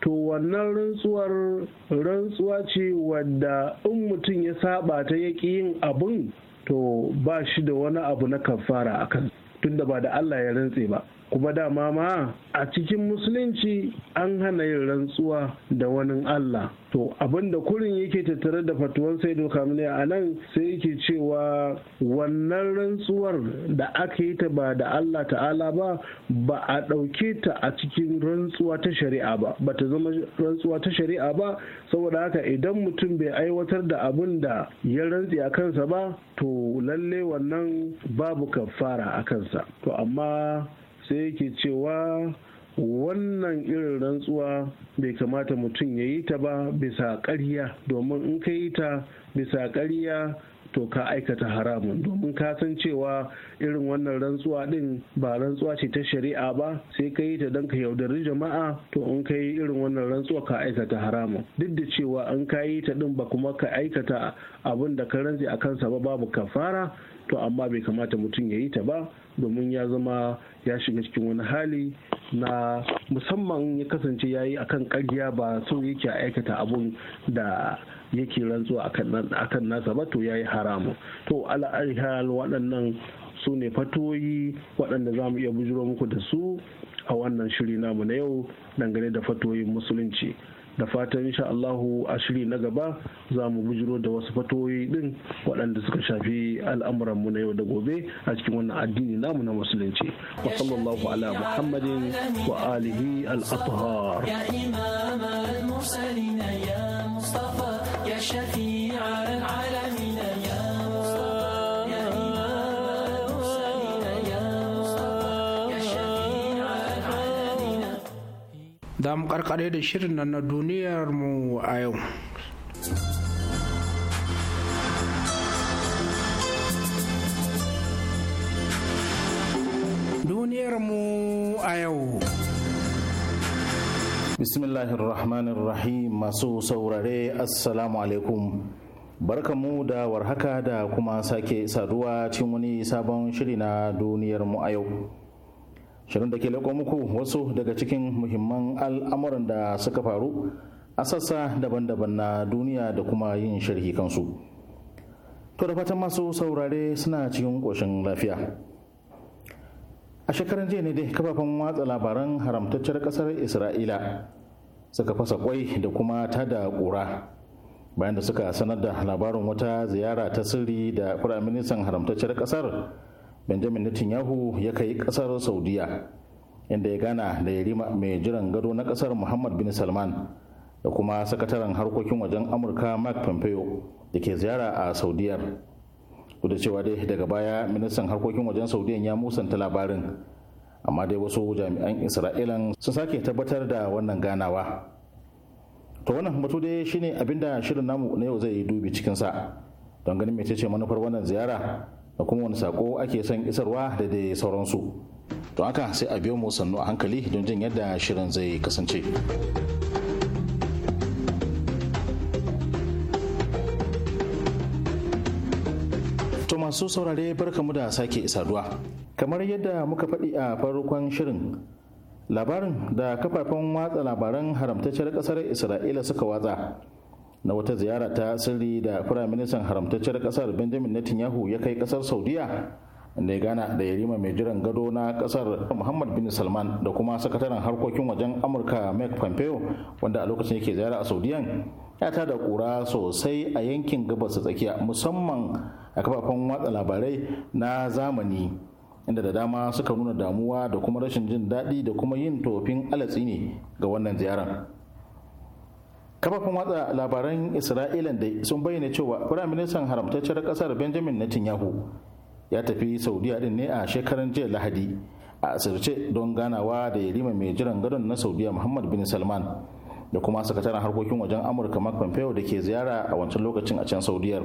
to wannan rantsuwar rantsuwa ce wadda in mutum ya saba ta yaki yin abin to ba shi da wani abu na kafara a kansa tunda ba da Allah ya rantse ba kuma dama ma a cikin musulunci an hana yin rantsuwa da wani Allah to abinda kurin yake tattare da fatuwan sai kamune a nan sai yake cewa wannan rantsuwar da aka yi ta ba da Allah ta'ala ba ba a ɗauke ta a cikin rantsuwa ta shari'a ba ba ta zama rantsuwa ta shari'a ba saboda haka idan mutum bai aiwatar da abin da ya rantsi a kansa ba to lalle wannan babu kafara a kansa to amma sai yake cewa wannan irin rantsuwa bai kamata mutum ya yi ta ba bisa ƙarya domin in ka yi ta bisa ƙarya to ka aikata haramun domin ka san cewa irin wannan rantsuwa din ba rantsuwa ce ta shari'a ba sai ka yi ta don ka yaudari jama'a to in ka yi irin wannan rantsuwa ka aikata haramun duk da cewa in ka yi ta din ba kuma ka aikata abin da ka rantse a kansa ba babu kafara to amma bai kamata mutum ya yi ta ba domin ya zama ya shiga cikin wani hali na musamman ya kasance ya yi kan karya ba so yake aikata abun da yake rantsuwa akan nasa ba to ya yi haramu to al'adar waɗannan su ne fatoyi waɗanda za mu iya bujuro muku da su a wannan shiri namu na yau dangane da fatoyin musulunci da fatan insha Allahu a shiri na gaba za mu bujiro da wasu fatoyi din waɗanda suka shafi al'amuran mu na yau da gobe a cikin wannan addini namu na musulunci wa sallallahu ala muhammadin wa alihi al-athhar ya imam al-mursalin ya mustafa ya shafi'a al za mu karkare da shirin nan na duniyar mu a yau duniyar mu a yau bismillahirrahmanirrahim masu saurare assalamu alaikum barkamu da warhaka da kuma sake saduwa cikin wani sabon shiri na duniyar mu a yau shirin da ke leko muku wasu daga cikin muhimman al'amuran da suka faru a sassa daban-daban na duniya da kuma yin sharhi kansu to da fatan masu saurare suna cikin ƙoshin lafiya a shekaran jiya ne dai kafafen watsa labaran haramtacciyar ƙasar isra'ila suka fasa kwai da kuma tada ƙura bayan da suka sanar da labarin wata ziyara ta sirri da firaministan haramtacciyar ƙasar benjamin netanyahu ya kai kasar saudiya inda ya gana da yarima mai jiran gado na kasar muhammad bin salman da kuma sakataren harkokin wajen amurka mark pompeo da ke ziyara a saudiyar duk da cewa dai daga baya ministan harkokin wajen saudiyan ya musanta labarin amma dai wasu jami'an isra'ilan sun sake tabbatar da wannan ganawa to wannan batu dai shine abinda shirin namu na yau zai yi dubi cikinsa don ganin ce manufar wannan ziyara da kuma wani sako ake son isarwa da dai sauransu to haka sai a biyo mu sannu a hankali don jin yadda shirin zai kasance to masu saurare barkamu da sake saduwa kamar yadda muka faɗi a farkon shirin labarin da kafafen watsa labaran haramtacciyar ƙasar isra'ila suka watsa na wata ziyara ta sirri da firaministan haramtacciyar kasar benjamin netanyahu ya kai kasar saudiya da ya gana da yarima mai jiran gado na kasar muhammad bin salman da kuma sakataren harkokin wajen amurka mike pompeo wanda a lokacin yake ziyara a saudiyan ya ta da kura sosai a yankin gabas tsakiya musamman a kafafen watsa labarai na zamani inda da dama suka nuna damuwa da kuma rashin jin daɗi da kuma yin tofin alatsi ne ga wannan ziyarar kafafen watsa labaran isra'ila da sun bayyana cewa firaministan haramtacciyar kasar benjamin netanyahu ya tafi saudiya din ne a shekaran jiya lahadi a asirce don ganawa da yarima mai jiran gadon na saudiya muhammad bin salman da kuma sakataren harkokin wajen amurka mark pompeo da ke ziyara a wancan lokacin a can saudiyar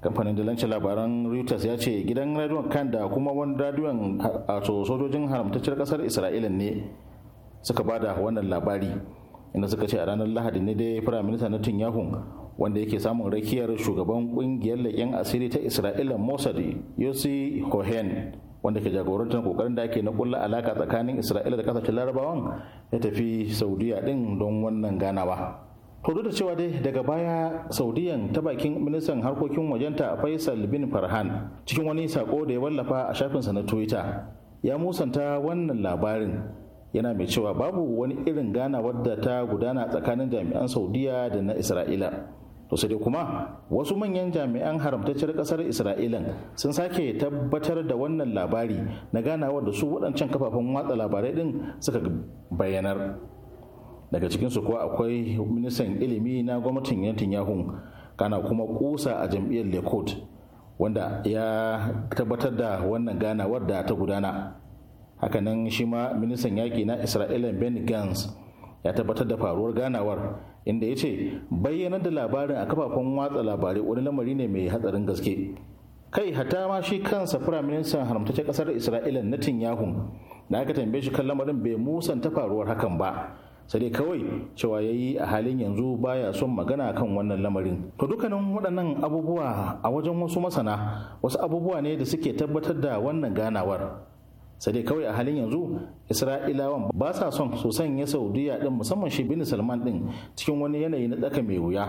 kamfanin dalancin labaran reuters ya ce gidan rediyon kan da kuma wani rediyon a sojojin haramtacciyar kasar isra'ila ne suka bada wannan labari inda suka ce a ranar lahadi ne dai firaminista na tinyahun wanda yake samun rakiyar shugaban kungiyar leƙen asiri ta isra'ila mossad yossi cohen wanda ke jagorantar kokarin da ake na kulla alaka tsakanin isra'ila da kasashen larabawan ya tafi saudiya din don wannan ganawa to duk da cewa dai daga baya saudiyan ta bakin ministan harkokin wajenta faisal bin farhan cikin wani sako da ya wallafa a shafinsa na twitter ya musanta wannan labarin yana mai cewa babu wani irin gana wadda ta gudana tsakanin jami'an saudiya da na isra'ila to sai dai kuma wasu manyan jami'an haramtacciyar kasar Isra'ila sun sake tabbatar da wannan labari na ganawar da su waɗancan kafafen watsa labarai din suka bayanar daga cikinsu kuwa akwai ministan ilimi na gwamnatin yankin yahun kana kuma kusa a jam'iyyar lekot wanda ya tabbatar da wannan ganawar da ta gudana hakanan shi ma ministan yaƙi na isra'ila ben gans ya tabbatar da faruwar ganawar inda ya ce bayyanar da labarin a kafafen watsa labarai wani lamari ne mai hatsarin gaske kai hata ma shi kansa firaministan haramtaccen ƙasar isra'ila na yahun, da aka tambaye shi kan lamarin bai musanta faruwar hakan ba sai dai kawai cewa ya yi a halin yanzu baya son magana kan wannan lamarin to dukkanin waɗannan abubuwa a wajen wasu masana wasu abubuwa ne da suke tabbatar da wannan ganawar sai dai kawai a halin yanzu isra'ilawan ba sa son su sanya saudiya din musamman shi bin salman din cikin wani yanayi na tsaka mai wuya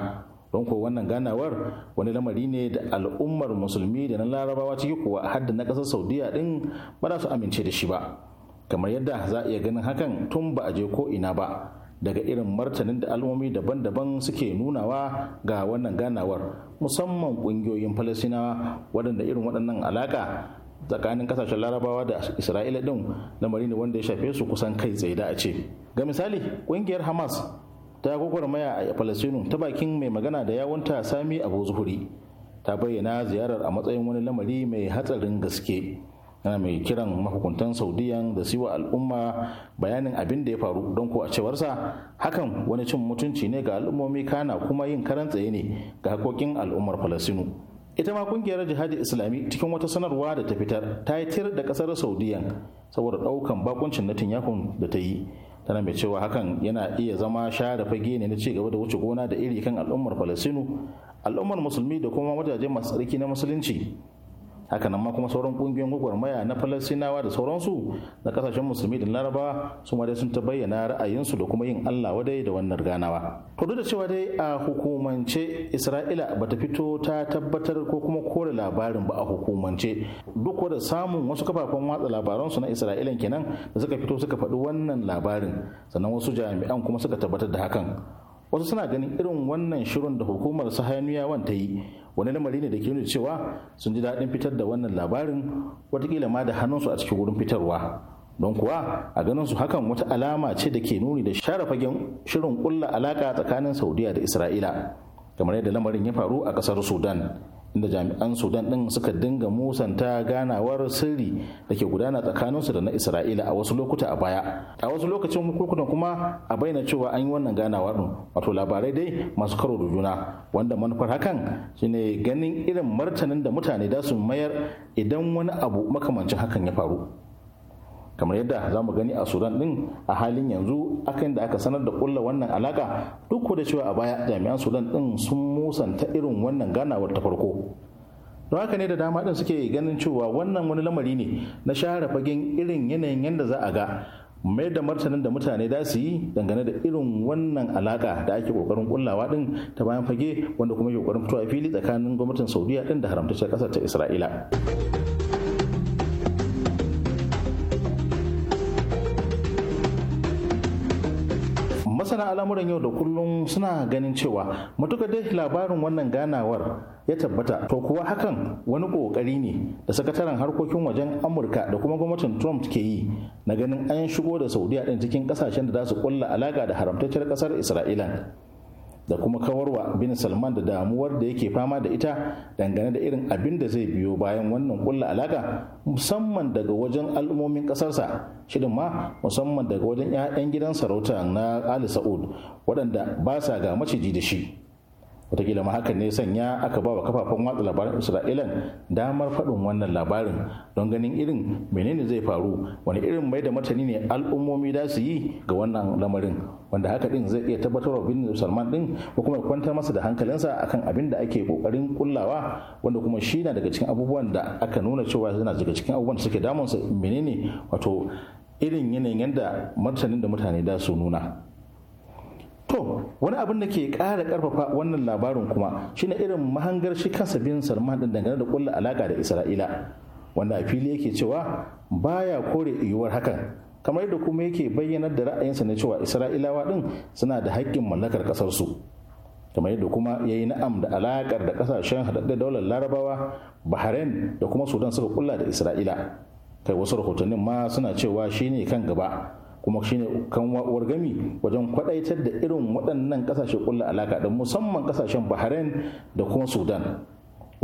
don ko wannan ganawar wani lamari ne da al'ummar musulmi da na larabawa ciki kuwa har da na ƙasar saudiya din ba za su amince da shi ba kamar yadda za a iya ganin hakan tun ba a je ko ina ba daga irin martanin da al'ummomi daban-daban suke nunawa ga wannan ganawar musamman ƙungiyoyin falasinawa waɗanda irin waɗannan alaƙa tsakanin kasashen larabawa da isra'ila din lamari ne wanda ya shafe su kusan kai tsaye da a ce ga misali kungiyar hamas ta maya a falasinu ta bakin mai magana da yawunta sami abu zuhuri ta bayyana ziyarar a matsayin wani lamari mai hatsarin gaske yana mai kiran mahukuntan saudiyan da siwa al'umma bayanin abin da ya faru don ko a cewarsa hakan wani cin mutunci ne ga al'ummomi kana kuma yin karan tsaye ne ga haƙoƙin al'ummar falasinu ita ma kungiyar jihadi islami cikin wata sanarwa da ta fitar ta yi tir da kasar saudiyan saboda daukan bakuncin na tinyakun da ta yi tana mai cewa hakan yana iya zama share fage ne na cigaba da wuce gona da iri kan al'ummar falasinu al'ummar musulmi da kuma wajajen masu tsarki na musulunci nan ma kuma sauran kungiyoyin gwagwarmaya na falasinawa da sauransu na kasashen musulmi da larabawa su ma dai sun ta bayyana ra'ayinsu da kuma yin allah wadai da wannan ganawa to duk da cewa dai a hukumance isra'ila bata fito ta tabbatar ko kuma kore labarin ba a hukumance duk da samun wasu kafafen watsa labaransu na isra'ilan kenan da suka fito suka faɗi wannan labarin sannan wasu jami'an kuma suka tabbatar da hakan wasu suna ganin irin wannan shirin da hukumar sahaniyawan ta yi wani lamari ne da ke nuna cewa sun ji daɗin fitar da wannan labarin watakila ma da hannunsu a cikin wurin fitarwa don kuwa a ganin su hakan wata alama ce da ke nuni da share fagen shirin kulla alaka tsakanin saudiya da isra'ila kamar yadda lamarin ya faru a ƙasar sudan inda jami'an sudan ɗin suka dinga musanta ganawar sirri da ke gudana tsakaninsu da na isra'ila a wasu lokuta a baya a wasu lokacin hukukutan kuma a bayyana cewa an yi wannan ganawar wato labarai dai masu karo da juna wanda manufar hakan shine ganin irin martanin da mutane da su mayar idan wani abu makamancin hakan ya faru kamar yadda za mu gani a sudan din a halin yanzu akan da aka sanar da kulla wannan alaka duk da cewa a baya jami'an sudan din sun musanta irin wannan ganawar ta farko don haka ne da dama din suke ganin cewa wannan wani lamari ne na share fagen irin yanayin yadda za a ga mai da martanin da mutane za su yi dangane da irin wannan alaka da ake kokarin kullawa din ta bayan fage wanda kuma ke kokarin fitowa fili tsakanin gwamnatin saudiya din da haramtacciyar kasar ta isra'ila masana al'amuran yau da kullum suna ganin cewa matuka dai labarin wannan ganawar ya tabbata to kuwa hakan wani kokari ne da sakataren harkokin wajen amurka da kuma gwamnatin trump ke yi na ganin an shigo da saudiya din cikin kasashen da za su kulla alaka da haramtacciyar kasar isra'ila da kuma kawarwa bin salman da damuwar da yake fama da ita dangane da irin abin da zai biyo bayan wannan kulla alaka musamman daga wajen al'ummomin kasarsa shirin ma musamman daga wajen 'ya'yan gidan sarauta na ali sa'ud waɗanda ba sa ga maciji da shi wataƙila ma hakan ne sanya aka ba wa kafafen watsa labaran isra'ilan damar faɗin wannan labarin don ganin irin menene zai faru wani irin mai da martani ne al'ummomi da su yi ga wannan lamarin wanda haka din zai iya tabbatar wa binne salman din ko kuma kwantar masa da hankalinsa akan abin da ake kokarin kullawa wanda kuma shi na daga cikin abubuwan da aka nuna cewa yana daga cikin abubuwan da suke damunsa menene wato irin yanayin yadda martanin da mutane da su nuna To wani abin da ke ƙara ƙarfafa wannan labarin kuma shine irin mahangar shi kansa bin Salman ɗin dangane da kulla alaƙa da Isra'ila wanda a fili yake cewa baya kore yiwuwar hakan kamar yadda kuma yake bayyanar da ra'ayinsa na cewa Isra'ilawa din suna da haƙƙin mallakar ƙasar su kamar yadda kuma ya yi na'am da alakar da ƙasashen haɗaɗɗen daular larabawa bahrain da kuma sudan suka kulla da isra'ila kai wasu rahotannin ma suna cewa shi ne kan gaba kuma shine kan uwar gami wajen kwadaitar da irin waɗannan kasashe kulla alaka da musamman kasashen bahrain da kuma sudan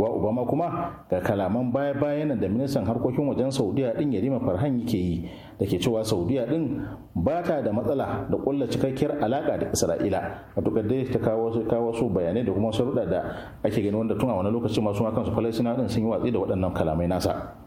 wa obama kuma ga kalaman baya bayanan da ministan harkokin wajen saudiya din yarima farhan yake yi da ke cewa saudiya din ba ta da matsala da kulla cikakkiyar alaka da isra'ila matukar da ta kawo su kawo bayanai da kuma su da ake gani wanda tun a wani lokaci masu ma kansu falaisina din sun yi watsi da waɗannan kalamai nasa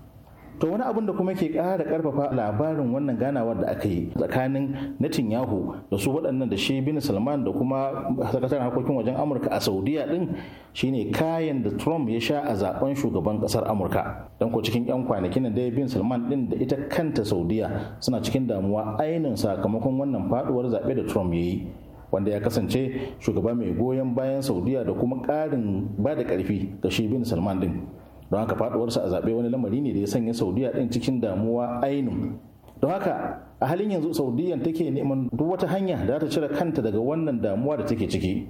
to wani abin da kuma ke kara karfafa labarin wannan ganawar da aka yi tsakanin Netanyahu da su waɗannan da shi bin Salman da kuma sakataren harkokin wajen Amurka a Saudiya din shine kayan da Trump ya sha a zaben shugaban kasar Amurka don ko cikin 'yan kwanakin dai bin Salman din da ita kanta Saudiya suna cikin damuwa ainin sakamakon wannan faduwar zaɓe da Trump ya yi wanda ya kasance shugaba mai goyon bayan Saudiya da kuma ƙarin ba da karfi ga shi bin Salman din. don haka faduwarsa a zaɓe wani lamari ne da ya sanya saudiya ɗin cikin damuwa ainun don haka a halin yanzu saudiya take neman duk wata hanya da ta cire kanta daga wannan damuwa da take ciki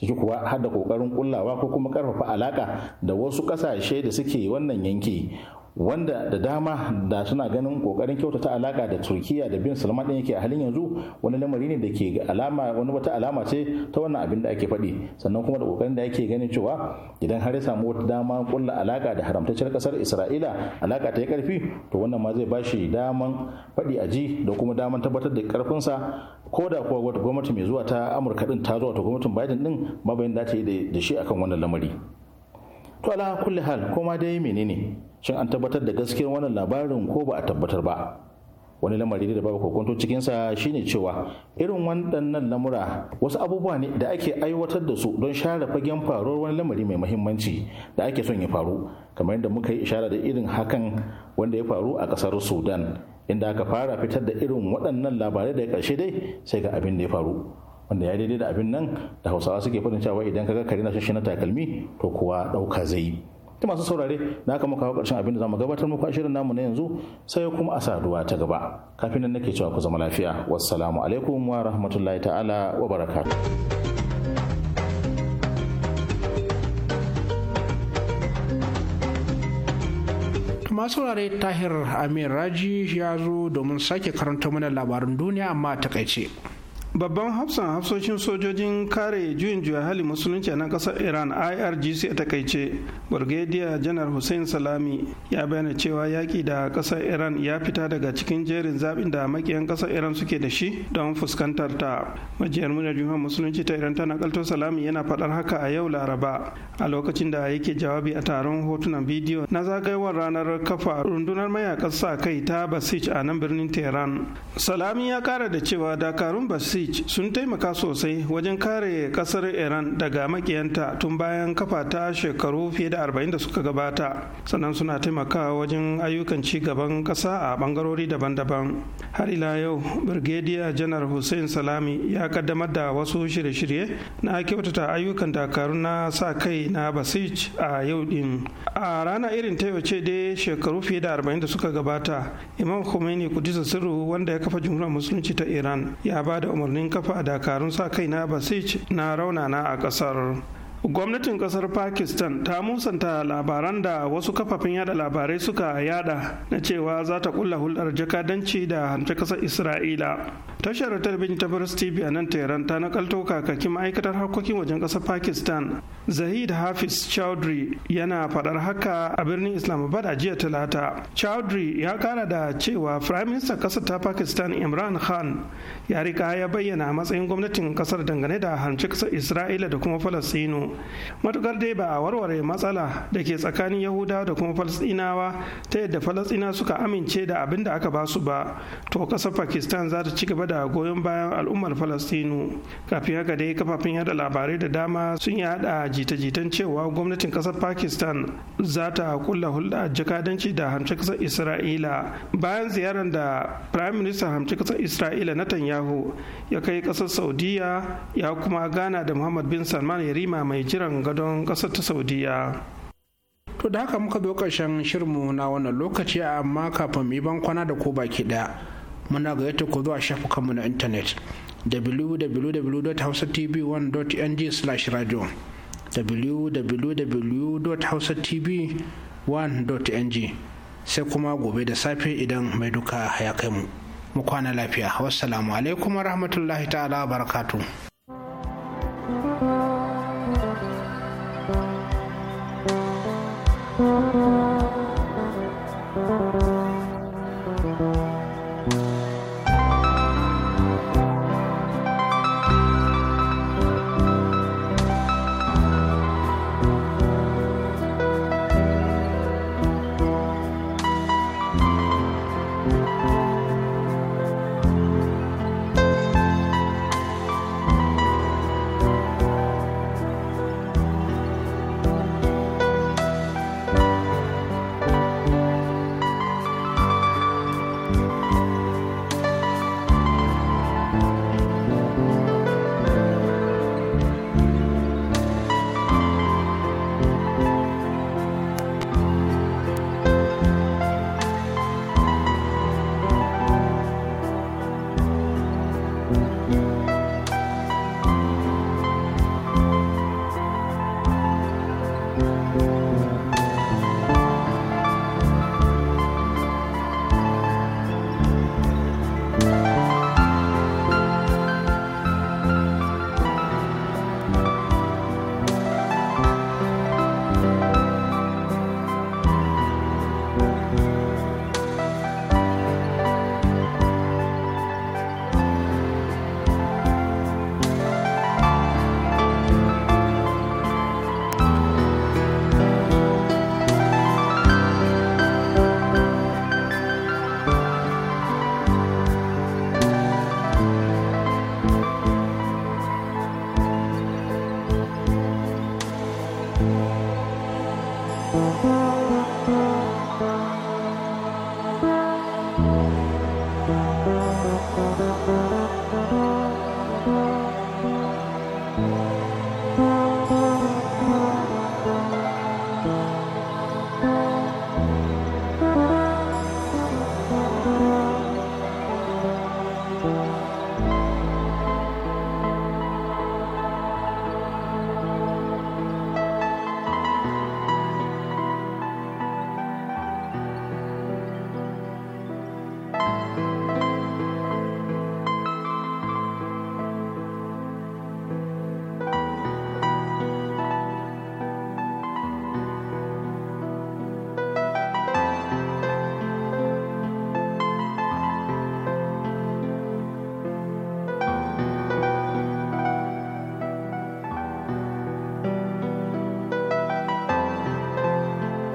ciki kuwa har da kokarin kullawa ko kuma karfafa alaka da wasu kasashe da suke wannan yanki wanda da dama da suna ganin kokarin kyautata alaka da turkiya da bin salman din yake a halin yanzu wani lamari ne da ke alama wani wata alama ce ta wannan abin da ake faɗi sannan kuma da kokarin da yake ganin cewa idan har ya samu wata dama kulla alaka da haramtacciyar kasar isra'ila alaka ta yi karfi to wannan ma zai bashi daman faɗi a ji da kuma daman tabbatar da karfinsa ko da kuwa wata gwamnati mai zuwa ta amurka din ta zuwa ta gwamnatin biden din babu bayan da ta yi da shi akan wannan lamari to ala kulli hal koma dai menene shin an tabbatar da gaskiyar wannan labarin ko ba a tabbatar ba wani lamari da babu kokonto cikinsa shine cewa irin waɗannan lamura wasu abubuwa ne da ake aiwatar da su don share fagen faruwar wani lamari mai mahimmanci da ake son ya faru kamar yadda muka yi ishara da irin hakan wanda ya faru a kasar sudan inda aka fara fitar da irin waɗannan labarai da ƙarshe dai sai ga abin da ya faru wanda ya daidai da abin nan da hausawa suke faɗin cewa idan kaga kare na shi na takalmi to kuwa ɗauka zai yi ta masu saurare na aka muka karshen abin da zamu gabatar muku a shirin namu na yanzu sai kuma a saduwa ta gaba kafin nan nake cewa ku zama lafiya wassalamu alaikum wa rahmatullahi ta'ala wa barakatuh masu saurare tahir amin raji ya zo domin sake karanta mana labarin duniya amma takaice. babban hafsan hafsoshin sojojin kare juyin juya hali musulunci na kasar iran irgc a takaice brigadier janar hussein salami ya bayyana cewa yaƙi da kasar iran ya fita daga cikin jerin zaɓin da makiyan kasar iran suke da shi don fuskantar ta majiyar muna musulunci ta iran tana kalto salami yana faɗar haka a yau laraba a lokacin da yake jawabi a taron hotunan bidiyo na zagayowar ranar kafa rundunar mayakan sa kai ta basij a nan birnin tehran salami ya kara da cewa dakarun basij sun taimaka sosai wajen kare kasar Iran daga makiyanta tun bayan kafa ta shekaru fiye da 40 da suka gabata sannan suna taimakawa wajen ayyukan ci gaban ƙasa a ɓangarori daban-daban. Har ila yau Brigadier Janar Hussein Salami ya kaddamar da wasu shirye-shirye na kyautata ayyukan dakaru na sa kai na Basij a yau din. A rana irin ta yau ce dai shekaru fiye da 40 da suka gabata Imam Khomeini Kudisa Sirru wanda ya kafa jumhuriyar musulunci ta Iran ya ba da umarni umarnin kafa dakarun sa kai na basij na raunana a kasar gwamnatin kasar pakistan ta musanta labaran da wasu kafafen yada labarai suka yada na cewa za ta kulla hulɗar jakadanci da hanci kasar isra'ila tashar talabijin ta first tv a nan tehran ta nakalto kakakin ma'aikatar harkokin wajen kasar pakistan zahid hafiz chowdhury yana faɗar haka a birnin islamabad a jiya talata chowdhury ya kara da cewa prime minister kasar ta pakistan imran khan ya rika ya bayyana matsayin gwamnatin kasar dangane da hanci kasar isra'ila da kuma falastinu matukar dai ba a warware matsala da ke tsakanin yahudawa da kuma falasɗinawa ta yadda falasɗina suka amince da abin da aka basu ba to ƙasar pakistan za ta ci gaba da goyon bayan al'ummar Falastinu. kafin haka dai kafafen yada labarai da dama sun yada jita-jitan cewa gwamnatin ƙasar pakistan za ta kulla hulɗa jakadanci da hamshe ƙasar isra'ila bayan ziyarar da prime minister Hamci ƙasar isra'ila netanyahu ya kai ƙasar saudiya ya kuma gana da muhammad bin salman yarima mai jiran gadon ƙasar ta saudiya to da haka muka zo ƙarshen shirmu na wannan lokaci amma kafin mu yi bankwana da ko baki ɗaya muna gayyata ku zuwa shafukanmu na intanet www.hausatv1.ng/radio www.hausatv1.ng sai kuma gobe da safe idan mai duka ya kai mu mu kwana lafiya wassalamu alaikum warahmatullahi ta'ala barakatu